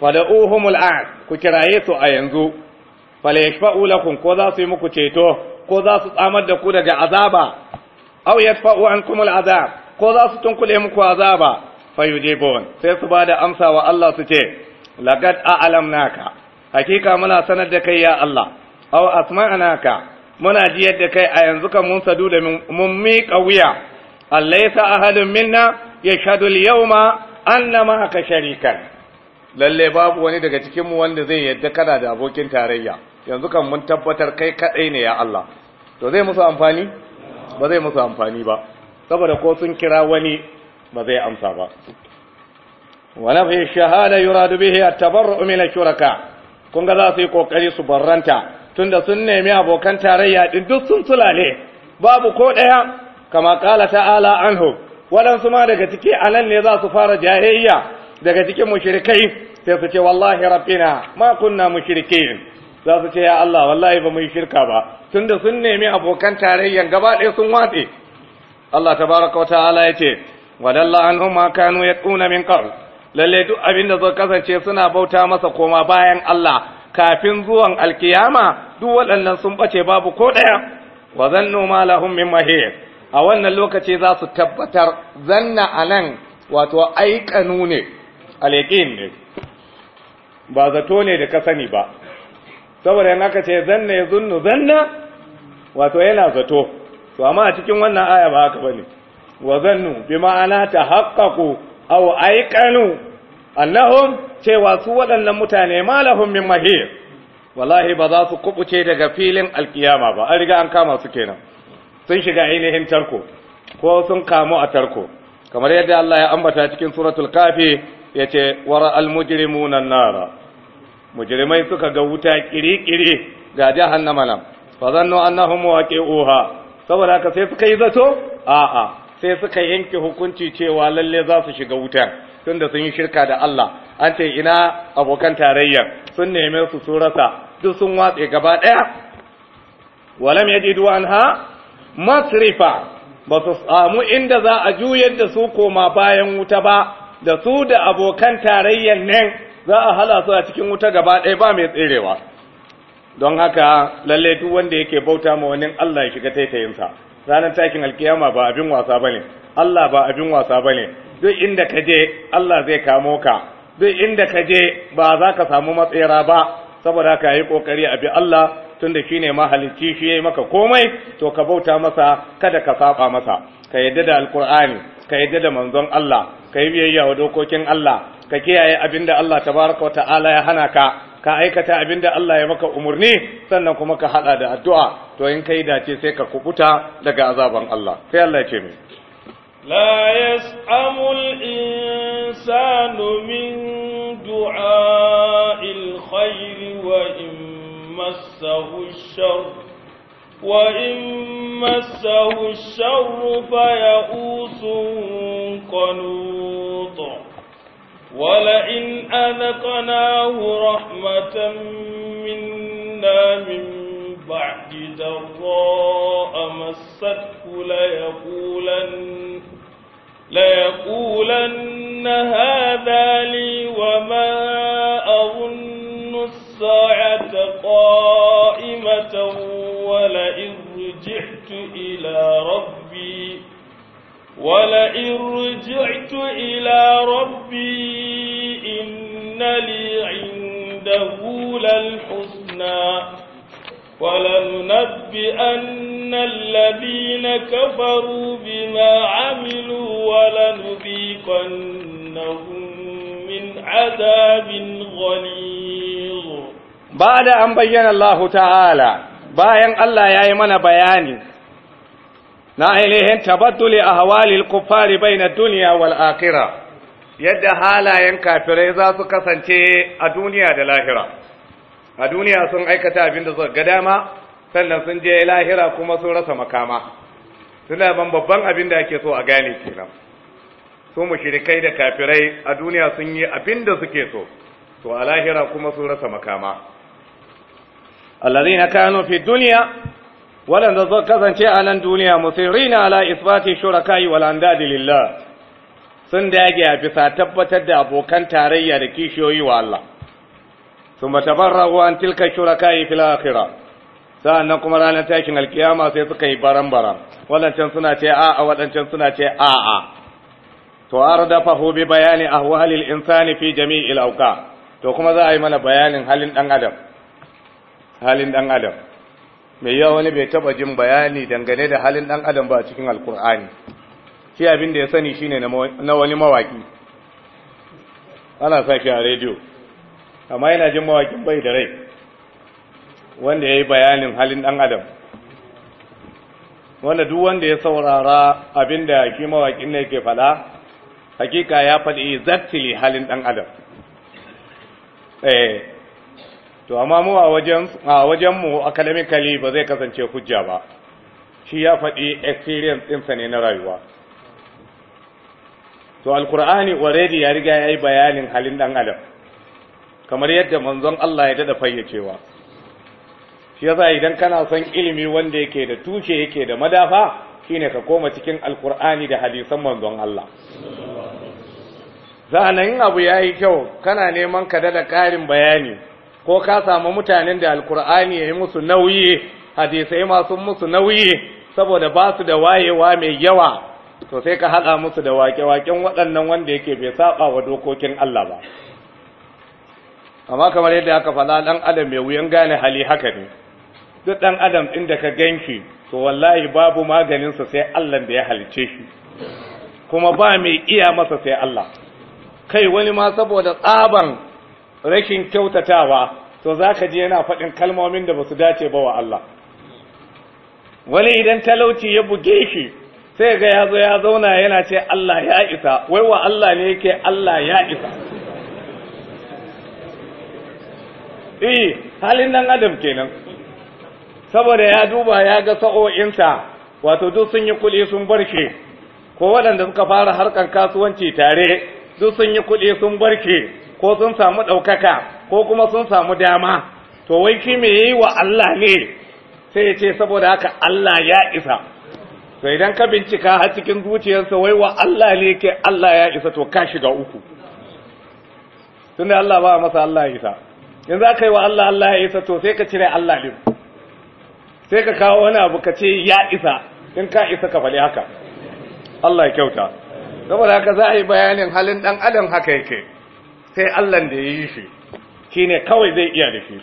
fada'uhumul a'ad ku kiraye su a yanzu fala yakfa'u lakum ko za su yi muku ceto ko za su tsamar da ku daga azaba aw yadfa'u ankum azab! ko za su tunkule muku azaba fayujibun sai su bada amsa wa Allah su ce laqad a'lamnaka hakika muna sanar da kai ya Allah aw ka muna jiyar da kai a yanzu kan mun sadu da mun miƙa wuya allaysa ahadun minna yashhadu al-yawma anna ma'aka sharikan lalle babu wani daga cikin mu wanda zai yadda kana da abokin tarayya yanzu kan mun tabbatar kai kadai ne ya Allah to zai musu amfani ba zai musu amfani ba saboda ko sun kira wani ba zai amsa ba wa nafi shahada yuradu bihi at-tabarru min ash-shuraka kun ga za su yi kokari su barranta tunda sun nemi abokan tarayya ɗin duk sun sulale babu ko ɗaya kama ƙala ta'ala anhu waɗansu ma daga ciki anan ne za su fara jayayya daga cikin mushrikai sai su ce wallahi rabbina ma kunna mushrikin za su ce ya Allah wallahi ba mu yi shirka ba tunda sun nemi abokan tarayyan gaba ɗaya sun watse Allah tabaraka wa ta'ala yace wadalla anhum ma kanu yaquna min qabl lalle duk abin da zai kasance suna bauta masa koma bayan Allah kafin zuwan alkiyama duk waɗannan sun bace babu ko ɗaya wa zannu ma lahum min mahir a wannan lokaci za su tabbatar zanna anan wato ai ne alyakin ne ba zato ne da ka sani ba saboda yana kace ce zanna ya zunnu zanna wato yana zato to amma a cikin wannan aya ba haka bane wa zannu bi ma'ana tahaqqaqu aw aiqanu annahum cewa su waɗannan mutane malahum min mahir wallahi ba za su kubuce daga filin alkiyama ba an riga an kama su kenan sun shiga ainihin tarko ko sun kamu a tarko kamar yadda Allah ya ambata cikin suratul kafi yace wara almujrimuna nara mujrimai suka ga wuta kirikiri ga jahannama nan fa zannu annahum waqi'uha saboda ka sai suka yi zato a'a sai suka yanke hukunci cewa lalle za su shiga wutar tunda sun yi shirka da Allah an ce ina abokan tarayyar sun neme su su rasa duk sun watse gaba daya walam yajidu anha masrifa ba su samu inda za a juyar da su koma bayan wuta ba da su da abokan tarayyar nan za a hala su a cikin wuta gaba daya ba mai tserewa don haka lalle duk wanda yake bauta ma wani Allah ya shiga taitayinsa ranar takin alkiyama ba abin wasa bane Allah ba abin wasa bane duk inda ka je Allah zai kamo ka duk inda ka je ba za ka samu matsayara ba saboda ka yi kokari a bi Allah tunda shine mahalicci shi yayi maka komai to ka bauta masa kada ka saba masa ka yadda da alkur'ani ka yadda da manzon Allah ka yi biyayya wa dokokin Allah ka kiyaye abin da Allah tabaraka wa ta'ala ya hana ka ka aikata abin da Allah ya maka umarni sannan kuma ka hada da addu'a to in kai dace sai ka kubuta daga azaban Allah sai Allah ya ce mai la yas'amul insanu min du'a'il khair wa in massahu ash-sharr وإن ولئن أذقناه رحمة منا من بعد ضراء مسته ليقولن ليقولن هذا لي وما أظن الساعة قائمة ولئن رجعت إلى ربي ولئن رجعت إلى ربي إن لي عنده للحسنى ولننبئن الذين كفروا بما عملوا ولنذيقنهم من عذاب غليظ بعد أن بين الله تعالى bayan Allah ya yi mana bayani na ainihin tabaddule a hawalil kufari bai na duniya wal akira yadda halayen kafirai za su kasance a duniya da lahira a duniya sun aikata abin da suka ga dama sannan sun je lahira kuma sun rasa makama suna ban babban abin da ake so a gane kenan su mu shirikai da kafirai a duniya sun yi abin da suke so to a lahira kuma sun rasa makama na kano fi duniya waɗanda zo kasance a nan duniya musirina ala isbati shuraka'i wal andadi lillah sun dage a bisa tabbatar da abokan tarayya da kishiyoyi wa Allah ba tabarrahu an tilka shuraka'i fil akhirah sa'annan kuma ranar takin alkiyama sai suka yi barambara baran waɗancan suna ce a'a waɗancan suna ce a'a to ardafahu bi bayani ahwalil insani fi jami'il awqa to kuma za a yi mana bayanin halin dan adam halin dan adam mai yawa wani bai taba jin bayani dangane da halin dan adam ba cikin alkur'ani shi abin da ya sani shine na wani mawaki ana sa shi a rediyo amma yana jin mawakin bai da rai wanda ya yi bayanin halin dan adam wanda duk wanda ya saurara abin da ke mawakin ne ke fada hakika ya faɗi zartili halin dan adam eh to amma mu a wajen a wajen mu academically ba zai kasance hujja ba shi ya faɗi experience din sa ne na rayuwa to alkur'ani already ya riga ya yi bayanin halin ɗan adam kamar yadda manzon Allah ya dada fayyacewa shi yasa idan kana son ilimi wanda yake da tushe yake da madafa shine ka koma cikin alkur'ani da hadisan manzon Allah nan abu yayi kyau kana neman ka dada karin bayani ko ka samu mutanen da alkur'ani ya yi musu nauyi hadisai masu musu nauyi saboda ba su da wayewa mai yawa to sai ka haɗa musu da wake-waken waɗannan wanda yake bai saba wa dokokin Allah ba amma kamar yadda aka faɗa ɗan adam mai wuyan gane hali haka ne duk ɗan adam ɗin da ka gan shi, to wallahi babu maganinsa sai Allah da ya halice shi kuma ba mai iya masa sai Allah kai wani ma saboda tsaban rashin kyautatawa to za ka ji yana faɗin kalmomin da ba su dace ba wa Allah wani idan talauci ya buge shi sai ga ya zo ya zauna yana ce Allah ya isa wai wa Allah ne yake Allah ya isa eh halin nan adam kenan saboda ya duba ya ga sa'o'insa wato duk sun yi kuli sun barke ko waɗanda suka fara harkar kasuwanci tare duk sun yi kuɗi sun barke ko sun samu ɗaukaka ko kuma sun samu dama to wai shi me yi wa Allah ne sai ya ce saboda haka Allah ya isa to idan ka bincika har cikin zuciyarsa wai wa Allah ne ke Allah ya isa to ka shiga uku tunda Allah ba masa Allah ya isa in za ka yi wa Allah Allah ya isa to sai ka cire Allah din sai ka kawo wani abu ka ce ya isa in ka isa ka faɗi haka Allah ya kyauta saboda haka za a yi bayanin halin dan adam haka yake sai Allah da ya yi shi shine kawai zai iya da shi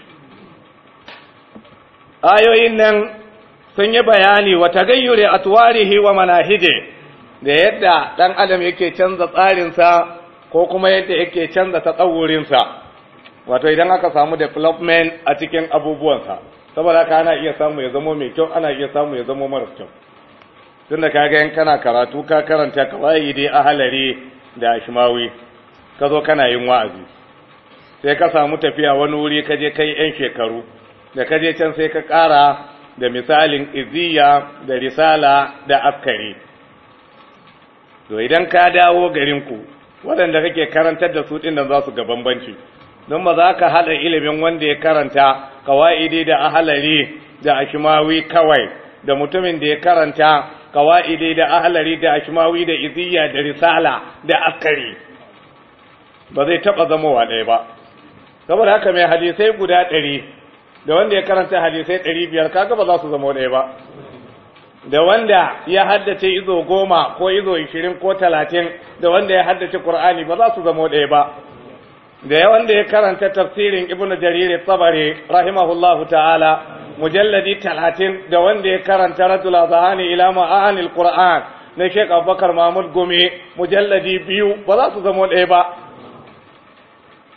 ayoyin nan sun yi bayani wa tagayyure tuwarihi wa manahije da yadda ɗan adam yake canza tsarinsa ko kuma yadda yake canza tsawurinsa wato idan aka samu development a cikin abubuwansa saboda ka ana iya samu ya zamo mai kyau ana iya samu ya zamo mara kyau tunda kaga yan kana karatu ka karanta kawai dai halari da ashimawi. ka zo kana yin wa'azi sai ka samu tafiya wani wuri ka je kai yan shekaru da ka je can sai ka ƙara da misalin iziya da risala da afkari to idan ka dawo garinku waɗanda kake karantar da su ɗin za su ga bambanci don ba za ka haɗa ilimin wanda ya karanta kawa'idi da ahalari da ashimawi kawai da mutumin da ya karanta kawa'idi da ahalari da ashimawi da iziya da risala da askari ba zai taɓa zamowa ɗaya ba saboda haka mai hadisai guda ɗari da wanda ya karanta hadisai ɗari biyar kaga ba za su zama ɗaya ba da wanda ya haddace izo goma ko izo ishirin ko talatin da wanda ya haddace ƙur'ani ba za su zama ɗaya ba da wanda ya karanta tafsirin ibn jarir tabari rahimahullahu ta'ala mujalladi talatin da wanda ya karanta radul azhani ila ma'anil qur'an na shek abubakar mahmud gome mujalladi biyu ba za su zama ɗaya ba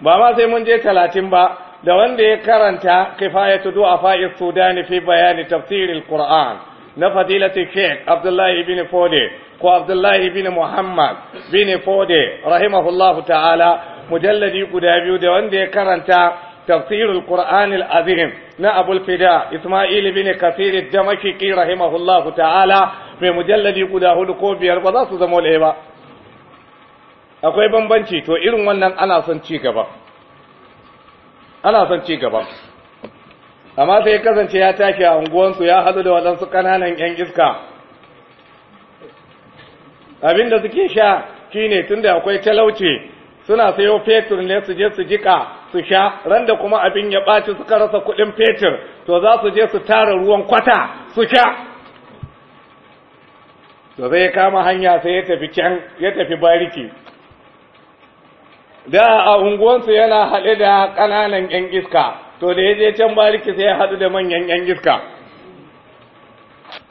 ba ma sai mun je talatin ba da wanda ya karanta kifayatu a as-sudani fi bayani tafsirin al-qur'an na fadilati sheikh abdullahi ibn fode ko abdullahi ibn muhammad bin fode rahimahullahu ta'ala mujalladi guda biyu da wanda ya karanta تفسير القرآن العظيم نا أبو الفداء إسماعيل بن كثير الدمشقي رحمه الله تعالى في مجلد قداه لقوم zama سزمو ba. akwai bambanci to irin wannan ana son ci gaba ana son ci gaba amma sai ya kasance ya tafi a unguwansu ya haɗu da waɗansu ƙananan 'yan iska Abin da suke sha shine tunda akwai talauci suna sayo fetur ne su je su jika su sha ran da kuma abin ya ɓaci suka rasa kuɗin fetur to za su je su tara ruwan kwata su sha to zai kama hanya sai ya tafi can ya tafi bariki da a unguwansu yana haɗe da ƙananan ƴan iska to da ya je can bariki sai ya haɗu da manyan ƴan iska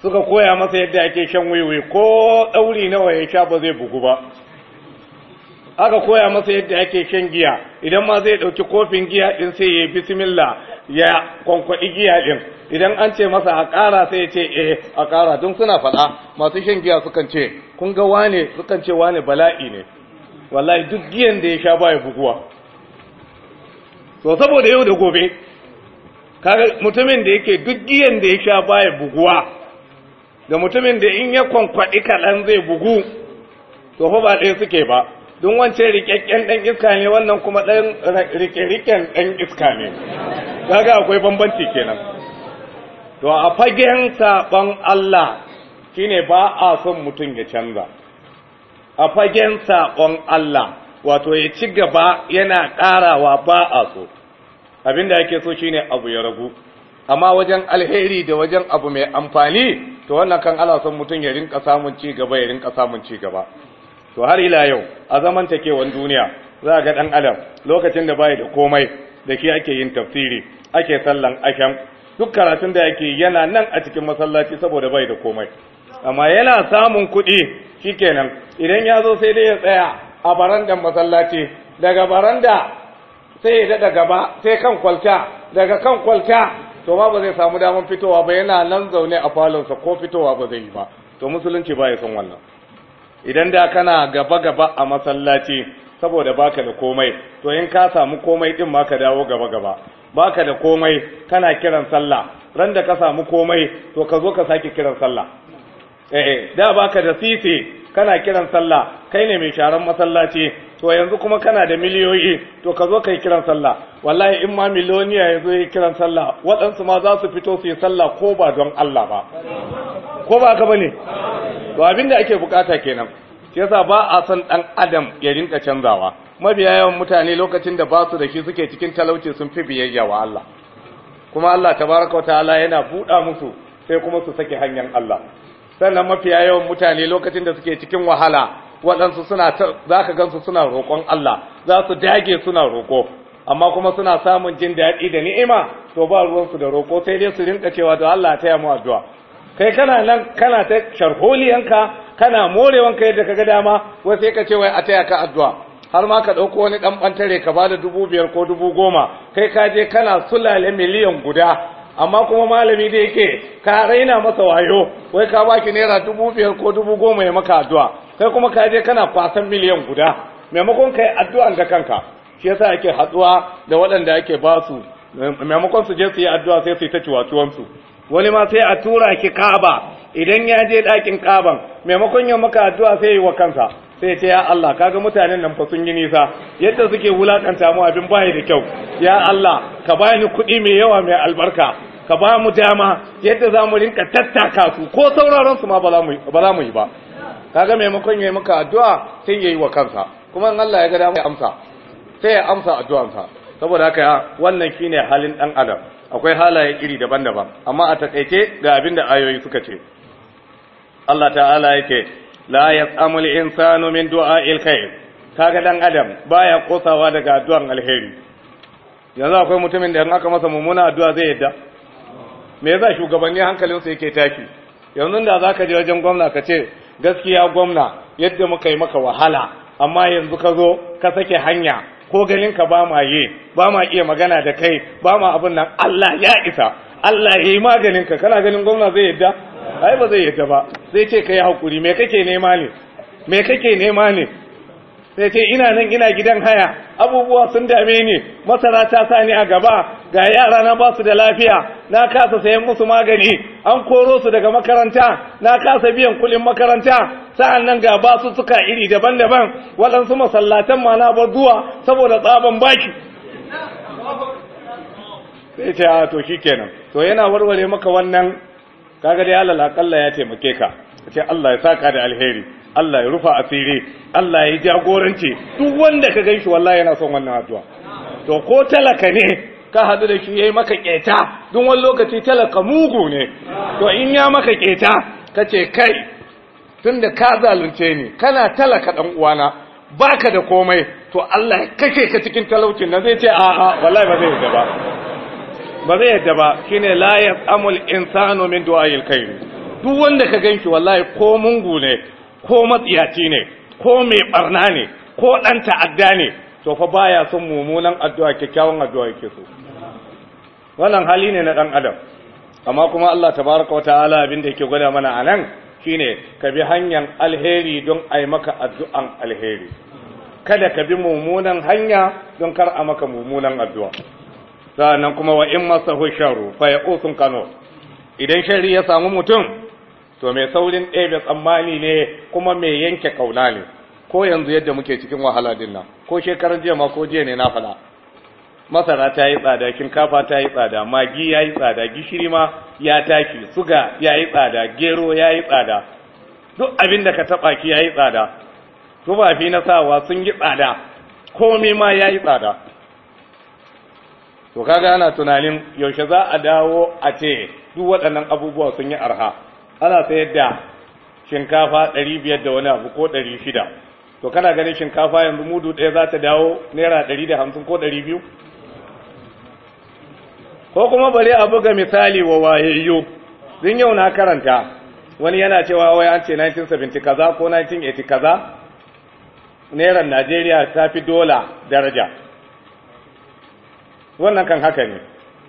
suka koya masa yadda ake shan wiwi ko ɗauri nawa ya sha ba zai bugu ba aka koya masa yadda ake shan giya idan ma zai ɗauki kofin giya ɗin sai ya yi bismillah ya kwankwaɗi giya ɗin idan an ce masa a ƙara sai ya ce eh a ƙara don suna faɗa masu shan giya sukan ce kun ga wane sukan ce wane bala'i ne wallahi duk giyan da ya sha baya buguwa so saboda yau da gobe kaga mutumin da yake duk giyan da ya sha baya buguwa da mutumin da in ya kwankwaɗi kaɗan zai bugu to fa ba ɗaya suke ba don wancan rikakken ɗan iska ne wannan kuma ɗan rike ɗan iska ne kaga akwai bambanci kenan to a fagen saɓon Allah shine ba a son mutum ya canza a fagen saƙon Allah wato ya ci gaba yana ƙarawa ba a so abinda yake so shine abu ya ragu amma wajen alheri da wajen abu mai amfani to wannan kan ana son mutum ya rinka samun ci gaba ya rinka samun ci gaba to har ila yau a zaman takewan duniya za ga dan adam lokacin da bai da komai da ke ake yin tafsiri ake sallan ashen duk karatun da yake yana nan a cikin masallaci saboda bai da komai amma yana samun kuɗi Shi kenan, idan ya zo sai dai ya tsaya a barandan masallaci daga baranda sai ya daɗa gaba sai kan kwalta daga kan kwalta to ma ba zai samu damar fitowa ba yana nan zaune a falonsa ko fitowa ba zai yi ba to musulunci ba ya san wannan idan da kana gaba-gaba a masallaci saboda baka da komai to in ka samu komai din ma ka dawo gaba-gaba baka da komai kana kiran sallah ran da ka samu komai to ka zo ka sake kiran sallah eh da baka da sisi kana kiran sallah kai ne mai sharan masallaci to yanzu kuma kana da miliyoyi to ka zo ka yi kiran sallah wallahi in ma miliyoniya ya zo yi kiran sallah waɗansu ma za su fito su yi sallah ko ba don Allah ba ko ba ka bane to abin da ake bukata kenan shi yasa ba a san dan adam ya rinka canzawa mabiya yawan mutane lokacin da ba su da shi suke cikin talauci sun fi biyayya wa Allah kuma Allah tabaraka wa ta'ala yana buɗa musu sai kuma su sake hanyar Allah sannan mafiya yawan mutane lokacin da suke cikin wahala waɗansu suna za ka gansu suna roƙon Allah za su dage suna roƙo amma kuma suna samun jin daɗi da ni'ima to ba ruwansu da roƙo sai dai su rinka cewa da Allah ta mu addu'a kai kana nan kana ta sharholiyanka kana morewanka yadda kaga dama wai sai ka ce wai a taya ka addu'a har ma ka ɗauko wani ɗan ɓantare ka ba da dubu biyar ko dubu goma kai ka je kana sulale miliyan guda amma kuma malami da yake ka raina masa wayo wai ka baki naira dubu biyar ko dubu goma ya maka addu'a kai kuma ka je kana kwasan miliyan guda maimakon kai addu'an da kanka shi yasa yake hatsuwa da waɗanda yake ba su maimakon su je su yi addu'a sai su yi ta ciwaciwan su wani ma sai a tura ki kaba idan ya je ɗakin kaban maimakon ya maka addu'a sai yi wa kansa sai ta ya Allah kaga mutanen nan fa sun yi nisa yadda suke wulakanta mu abin bai da kyau ya Allah ka bani kuɗi mai yawa mai albarka ka ba mu dama yadda za mu rinka tattaka su ko sauraron su ma ba za mu yi ba kaga maimakon yayi maka addu'a sai yayi wa kansa kuma in Allah ya ga dama ya amsa sai ya amsa addu'ansa saboda haka wannan shine halin dan adam akwai halaye iri daban-daban amma a takaice ga abin da ayoyi suka ce Allah ta'ala yake la yasamul insanu min du'a'il khair kaga dan adam baya kosawa daga addu'an alheri yanzu akwai mutumin da in aka masa mummuna addu'a zai yadda me yasa shugabanni hankalin su yake tashi yanzu da zaka je wajen gwamna ka ce gaskiya gwamna yadda muka yi maka wahala amma yanzu ka zo ka sake hanya ko ganin ka ba ma yi ba ma iya magana da kai ba ma abin nan Allah ya isa Allah ya yi maganin ka kana ganin gwamna zai yadda ai ba zai yadda ba zai ce ka yi haƙuri, me kake nema ne me kake nema ne sai ce ina nan ina gidan haya abubuwa sun dame ni masara ta sa ni a gaba ga yara na ba su da lafiya na kasa sayan musu magani an koro su daga makaranta na kasa biyan kulin makaranta sa'an nan ga ba su suka iri daban-daban waɗansu masallatan ma na bar zuwa saboda tsaban baki sai ce a to kenan to yana warware maka wannan kaga dai Allah akalla ya taimake ka ce Allah ya saka da alheri Allah ya rufa asiri Allah ya jagoranci duk wanda ka ganshi wallahi yana son wannan addu'a to ko talaka ne ka hadu da shi yayi maka keta duk wani lokaci talaka mugu ne to in ya maka keta kace kai tunda ka zalunce ni kana talaka dan uwana baka da komai to Allah kake ka cikin talaucin nan zai ce a'a wallahi ba zai yi ba ba zai yadda ba shine la yas'amul insanu min kai khair duk wanda ka ganshi wallahi ko mungu ne ko matsiyaci ne ko mai barna ne ko dan ta'adda ne to fa baya son mumunan addu'a kyakkyawan addu'a yake so wannan hali ne na dan adam amma kuma Allah tabaraka wa ta'ala Abinda da yake gwada mana anan shine ka bi hanyar alheri don ai maka addu'an alheri kada ka bi mummunan hanya don kar a maka mummunan addu'a sa'annan kuma wa in masahu sharu fa ya'usun kano idan shari ya samu mutum to mai saurin ɗebe tsammani ne kuma mai yanke kauna ne ko yanzu yadda muke cikin wahala din ko shekarar jiya ma ko jiya ne na fada masara ta yi tsada shinkafa ta yi tsada magi ya yi tsada gishiri ma ya taki suga ya yi tsada gero ya yi tsada duk abin da ka taɓa ki ya yi tsada tufafi na sawa sun yi tsada komai ma ya yi tsada to kaga ana tunanin yaushe za a dawo a ce duk waɗannan abubuwa sun yi arha ana sayar da shinkafa 500 biyar da wani abu ko 600 shida to kana ganin shinkafa yanzu mudu ɗaya za ta dawo naira 150 da hamsin ko 200 biyu ko kuma bari a buga misali wa wayayyo din yau na karanta wani yana cewa wai an ce 1970 kaza ko 1980 kaza naira najeriya ta fi dola daraja wannan kan haka ne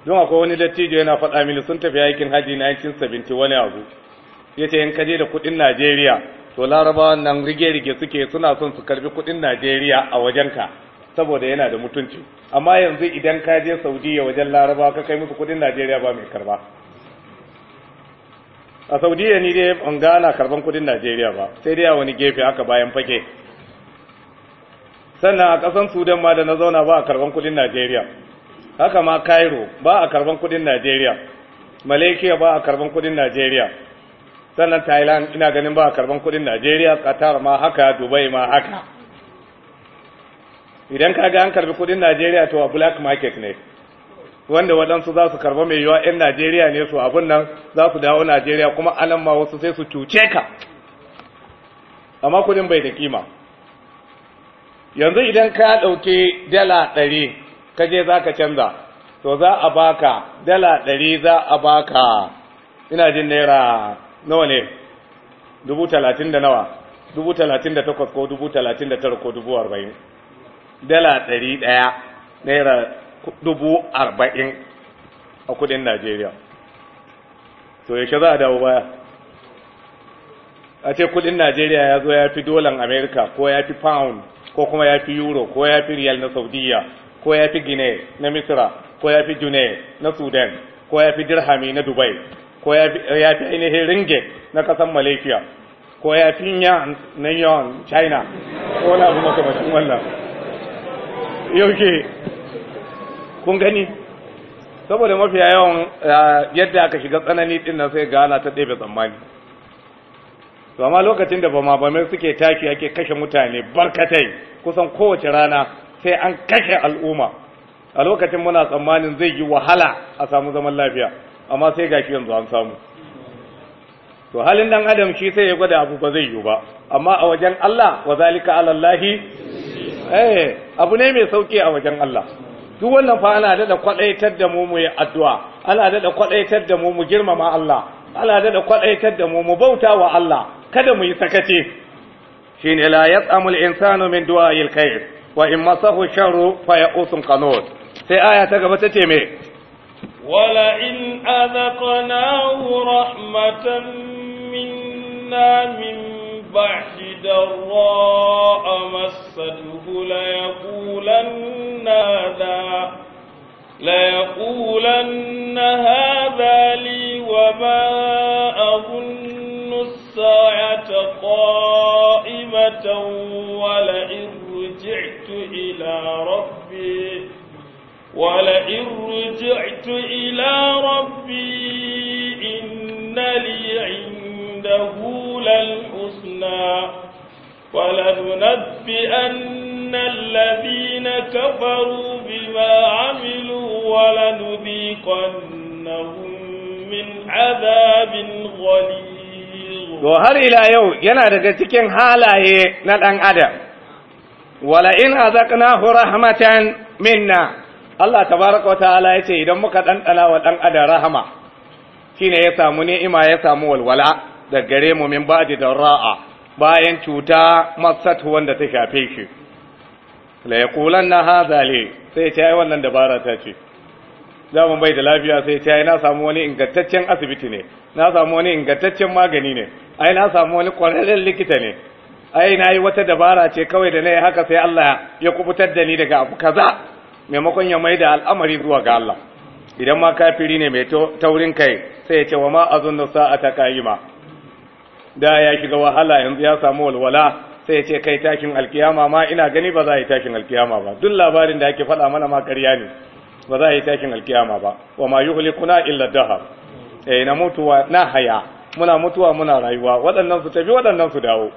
don akwai wani dattijo yana faɗa mini sun tafi aikin haji na yankin sabinti wani abu ya ce yin kaje da kuɗin najeriya to laraba nan rige-rige suke suna son su karbi kuɗin najeriya a wajenka saboda yana da mutunci amma yanzu idan ka je saudiya wajen laraba ka kai musu kuɗin najeriya ba mai karba a saudiya ni dai ban gana karban kuɗin najeriya ba sai dai a wani gefe haka bayan fage sannan a ƙasan sudan ma da na zauna ba a karban kuɗin najeriya haka ma Cairo ba a karban kudin Najeriya Malaysia ba a karban kudin Najeriya sannan Thailand ina ganin ba a karban kudin Najeriya Qatar ma haka Dubai ma haka idan ka ga an karbi kudin Najeriya to a black market ne wanda waɗansu za su karba mai yiwa 'yan Najeriya ne su abin nan za su dawo Najeriya kuma anan ma wasu sai su cuce ka amma kudin bai da kima yanzu idan ka ɗauke dala ɗari ka je za ka canza to za a baka dala ɗari za a baka ina jin naira nawa ne dubu talatin da nawa dubu talatin da takwas ko dubu talatin da tara ko dubu arba'in dala ɗari ɗaya naira dubu arba'in a kudin najeriya to yake za a dawo baya a ce kudin najeriya ya zo ya fi dolan amerika ko ya fi pound ko kuma ya fi euro ko ya fi riyal na saudiya ko ya fi gine na misira ko ya fi june na sudan ko ya fi dirhami na dubai ko ya fi ainihin ringe na kasan malaysia ko ya fi yan na china ko na abu makamacin wannan yauke kun gani saboda mafiya yawan yadda aka shiga tsanani din nan sai gana ta ɗebe tsammani to amma lokacin da ba mai suke taki ake kashe mutane barkatai kusan kowace rana sai an kashe al'umma a lokacin muna tsammanin zai yi wahala a samu zaman lafiya amma sai gashi yanzu an samu to halin dan adam shi sai ya gwada abu ba zai yi ba amma a wajen Allah wa zalika ala llahi eh abu ne mai sauki a wajen Allah duk wannan fa ana dada kwadaitar da mu mu yi addu'a ana dada kwadaitar da mu mu girmama Allah ana dada kwadaitar da mu mu bauta wa Allah kada mu yi sakace shine la yat'amul insanu min du'a'il khair wa in masahu sharru fa ya'usun qanut sai aya ta gaba ta ce me wala in azaqnahu rahmatan minna min ba'di darra massatuhu la yaqulanna da ليقولن هذا لي وما أظن الساعة قائمة ولئن رجعت إلى ربي ولئن رجعت إلى ربي إن لي عنده للحسنى ولننبئن الذين كفروا بما عملوا ولنذيقنهم من عذاب غليظ to har ila yau yana daga cikin halaye na ɗan adam wala in azaqnahu rahmatan minna Allah ala ya ce idan muka ɗanɗana wa ɗan adam rahama shine ya samu ni'ima ya samu walwala da gare mu min ba'di ra'a bayan cuta masat wanda ta shafe shi la yaqulanna hadha li sai ce ai wannan dabara ta ce zaman bai da lafiya sai ce ai na samu wani ingantaccen asibiti ne na samu wani ingantaccen magani ne ai na samu wani kwararren likita ne ai na yi wata dabara ce kawai da na yi haka sai Allah ya kubutar da ni daga abu kaza maimakon ya mai da al'amari zuwa ga Allah idan ma kafiri ne mai taurin kai sai ya ce wa ma azunnu sa'ata qaima da ya shiga wahala yanzu ya samu walwala sai ya ce kai takin alkiyama ma ina gani ba za a yi takin alkiyama ba duk labarin da ake faɗa mana ma ƙarya ne ba za a yi takin alkiyama ba wa ma yuhlikuna illa dahab eh na mutuwa na haya muna mutuwa muna rayuwa waɗannan su tafi waɗannan su dawo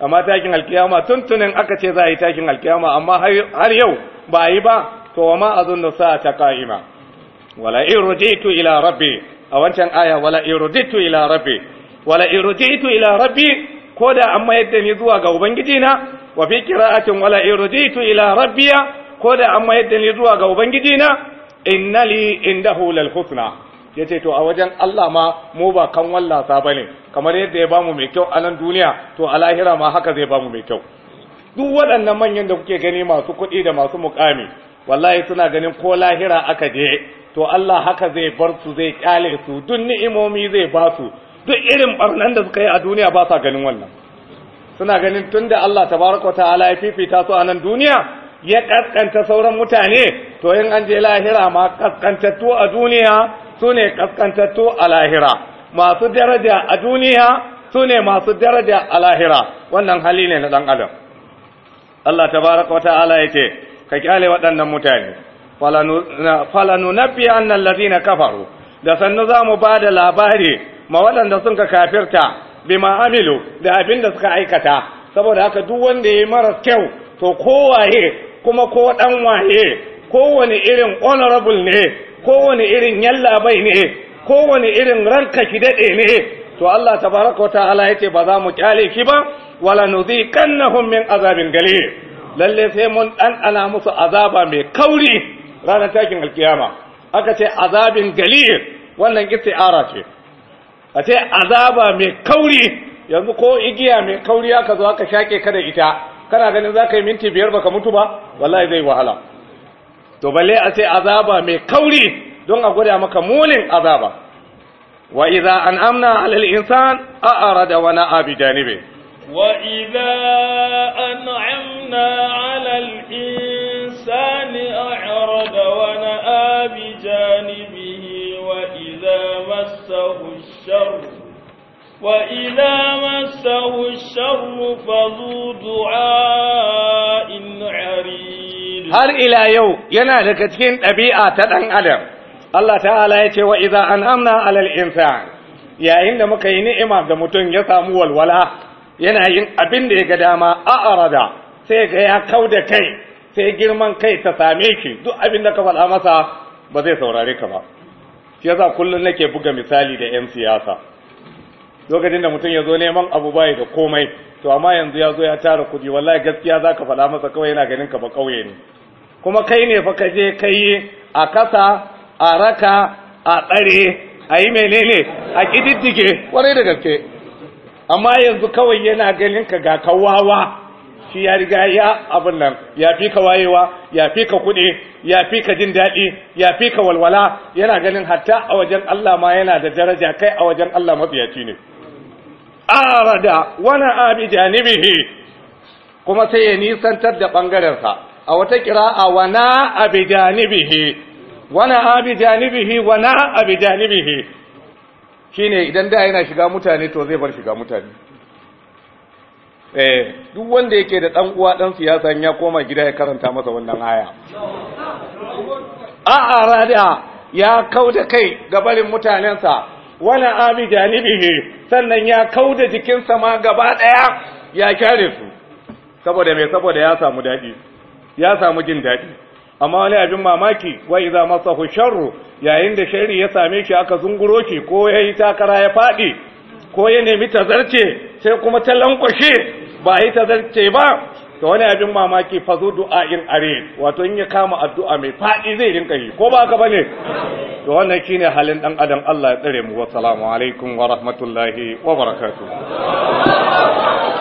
amma takin alkiyama tuntunin aka ce za a yi takin alkiyama amma har yau ba a yi ba to wa ma sa ta ka'ima wala irjitu ila rabbi a wancan aya wala irjitu ila rabbi wala irjitu ila rabbi ko da mayar yadda ni zuwa ga ubangiji na wa fi qira'atin wala irjitu ila rabbiya ko da amma yadda ni zuwa ga ubangiji na innali indahu lal husna ya ce to a wajen Allah ma mu ba kan wallasa ba ne kamar yadda ya bamu mai kyau a nan duniya to a lahira ma haka zai bamu mai kyau duk waɗannan manyan da kuke gani masu kuɗi da masu mukami wallahi suna ganin ko lahira aka je to Allah haka zai bar su zai kyale su duk ni'imomi zai ba su duk irin barnan da suka yi a duniya ba sa ganin wannan suna ganin tunda Allah tabaraka ta'ala ya fifita su a nan duniya ya kaskanta sauran mutane to in an je lahira ma kaskantattu a duniya su ne kaskantattu a lahira masu daraja a duniya su ne masu daraja a lahira wannan hali ne na ɗan adam Allah ta wata wa ta'ala ce ka kyale waɗannan mutane falanu nabi annal ladina kafaru da sannu za mu ba da labari ma waɗanda sun ka kafirta bima amilu da abin da suka aikata saboda haka duk wanda ya yi maras kyau to kowaye kuma ko ɗan waye kowane irin honorable ne kowane irin yallabai ne kowane irin ranka ki daɗe ne to Allah tabaraka wa ta'ala ce ba za mu kyale ki ba wala nudhiqannahum min azabin gali lalle sai mun dan ana musu azaba mai kauri ranar takin alkiyama aka ce azabin galil wannan isti'ara ce a ce azaba mai kauri yanzu ko igiya mai kauri aka zo aka shake ka da ita kana ganin za ka yi minti biyar baka mutu ba wallahi zai wahala to balle a ce azaba mai kauri don a gwada maka munin azaba wa idza an'amna 'alal insan a'rada wa na'a bi janibi wa idza an'amna 'alal insani a'rada wa na'a bi wa idza massahu ash وإذا مسه الشر فذو دعاء عريض هر إلى يوم ينا لكتكين أبيئة تدن أدم Allah ta'ala ya ce wa iza an amna alal insan yayin da muka yi ni'ima da mutum ya samu walwala yana yin abin da ya ga dama a'a rada, sai ga ya kau kai sai girman kai ta same ki, duk abin da ka faɗa masa ba zai saurari ka ba shi yasa kullum nake buga misali da 'yan siyasa lokacin da mutum ya zo neman abu bai da komai to amma yanzu ya zo ya tara kudi wallahi gaskiya zaka faɗa masa kawai yana ganin ka ba kauye ne kuma kai ne fa ka je kai a kasa a raka a tsare a yi menene a kididdige kwarai da gaske amma yanzu kawai yana ganin ka ga kawawa shi ya riga ya abin nan ya fi ka wayewa ya fi ka kuɗi ya fi ka jin daɗi ya fi ka walwala yana ganin hatta a wajen Allah ma yana da daraja kai a wajen Allah mafiyaci ne arada wala abi janibihi kuma sai ya nisantar da bangarensa a wata kira'a wana abi janibihi wana abi janibihi wana abi janibihi shine idan da yana shiga mutane to zai bar shiga mutane eh duk wanda yake da dan uwa dan siyasa ya koma gida ya karanta masa wannan aya a arada ya kauda kai gabarin mutanensa wani abi janibihi sannan ya kauda jikinsa ma gaba ɗaya ya kare su saboda mai saboda ya samu daɗi ya samu jin daɗi amma wani abin mamaki wa iza masahu sharru yayin da shari ya same shi aka zunguro shi ko yayi takara ya faɗi ko ya nemi tazarce sai kuma ta lankwashe ba yi tazarce ba to wani abin mamaki fa zu in are wato in ya kama addu'a mai fadi zai rinka yi ko ba ka bane to wannan shine halin dan adam Allah ya tsare mu wa alaikum wa rahmatullahi wa barakatuh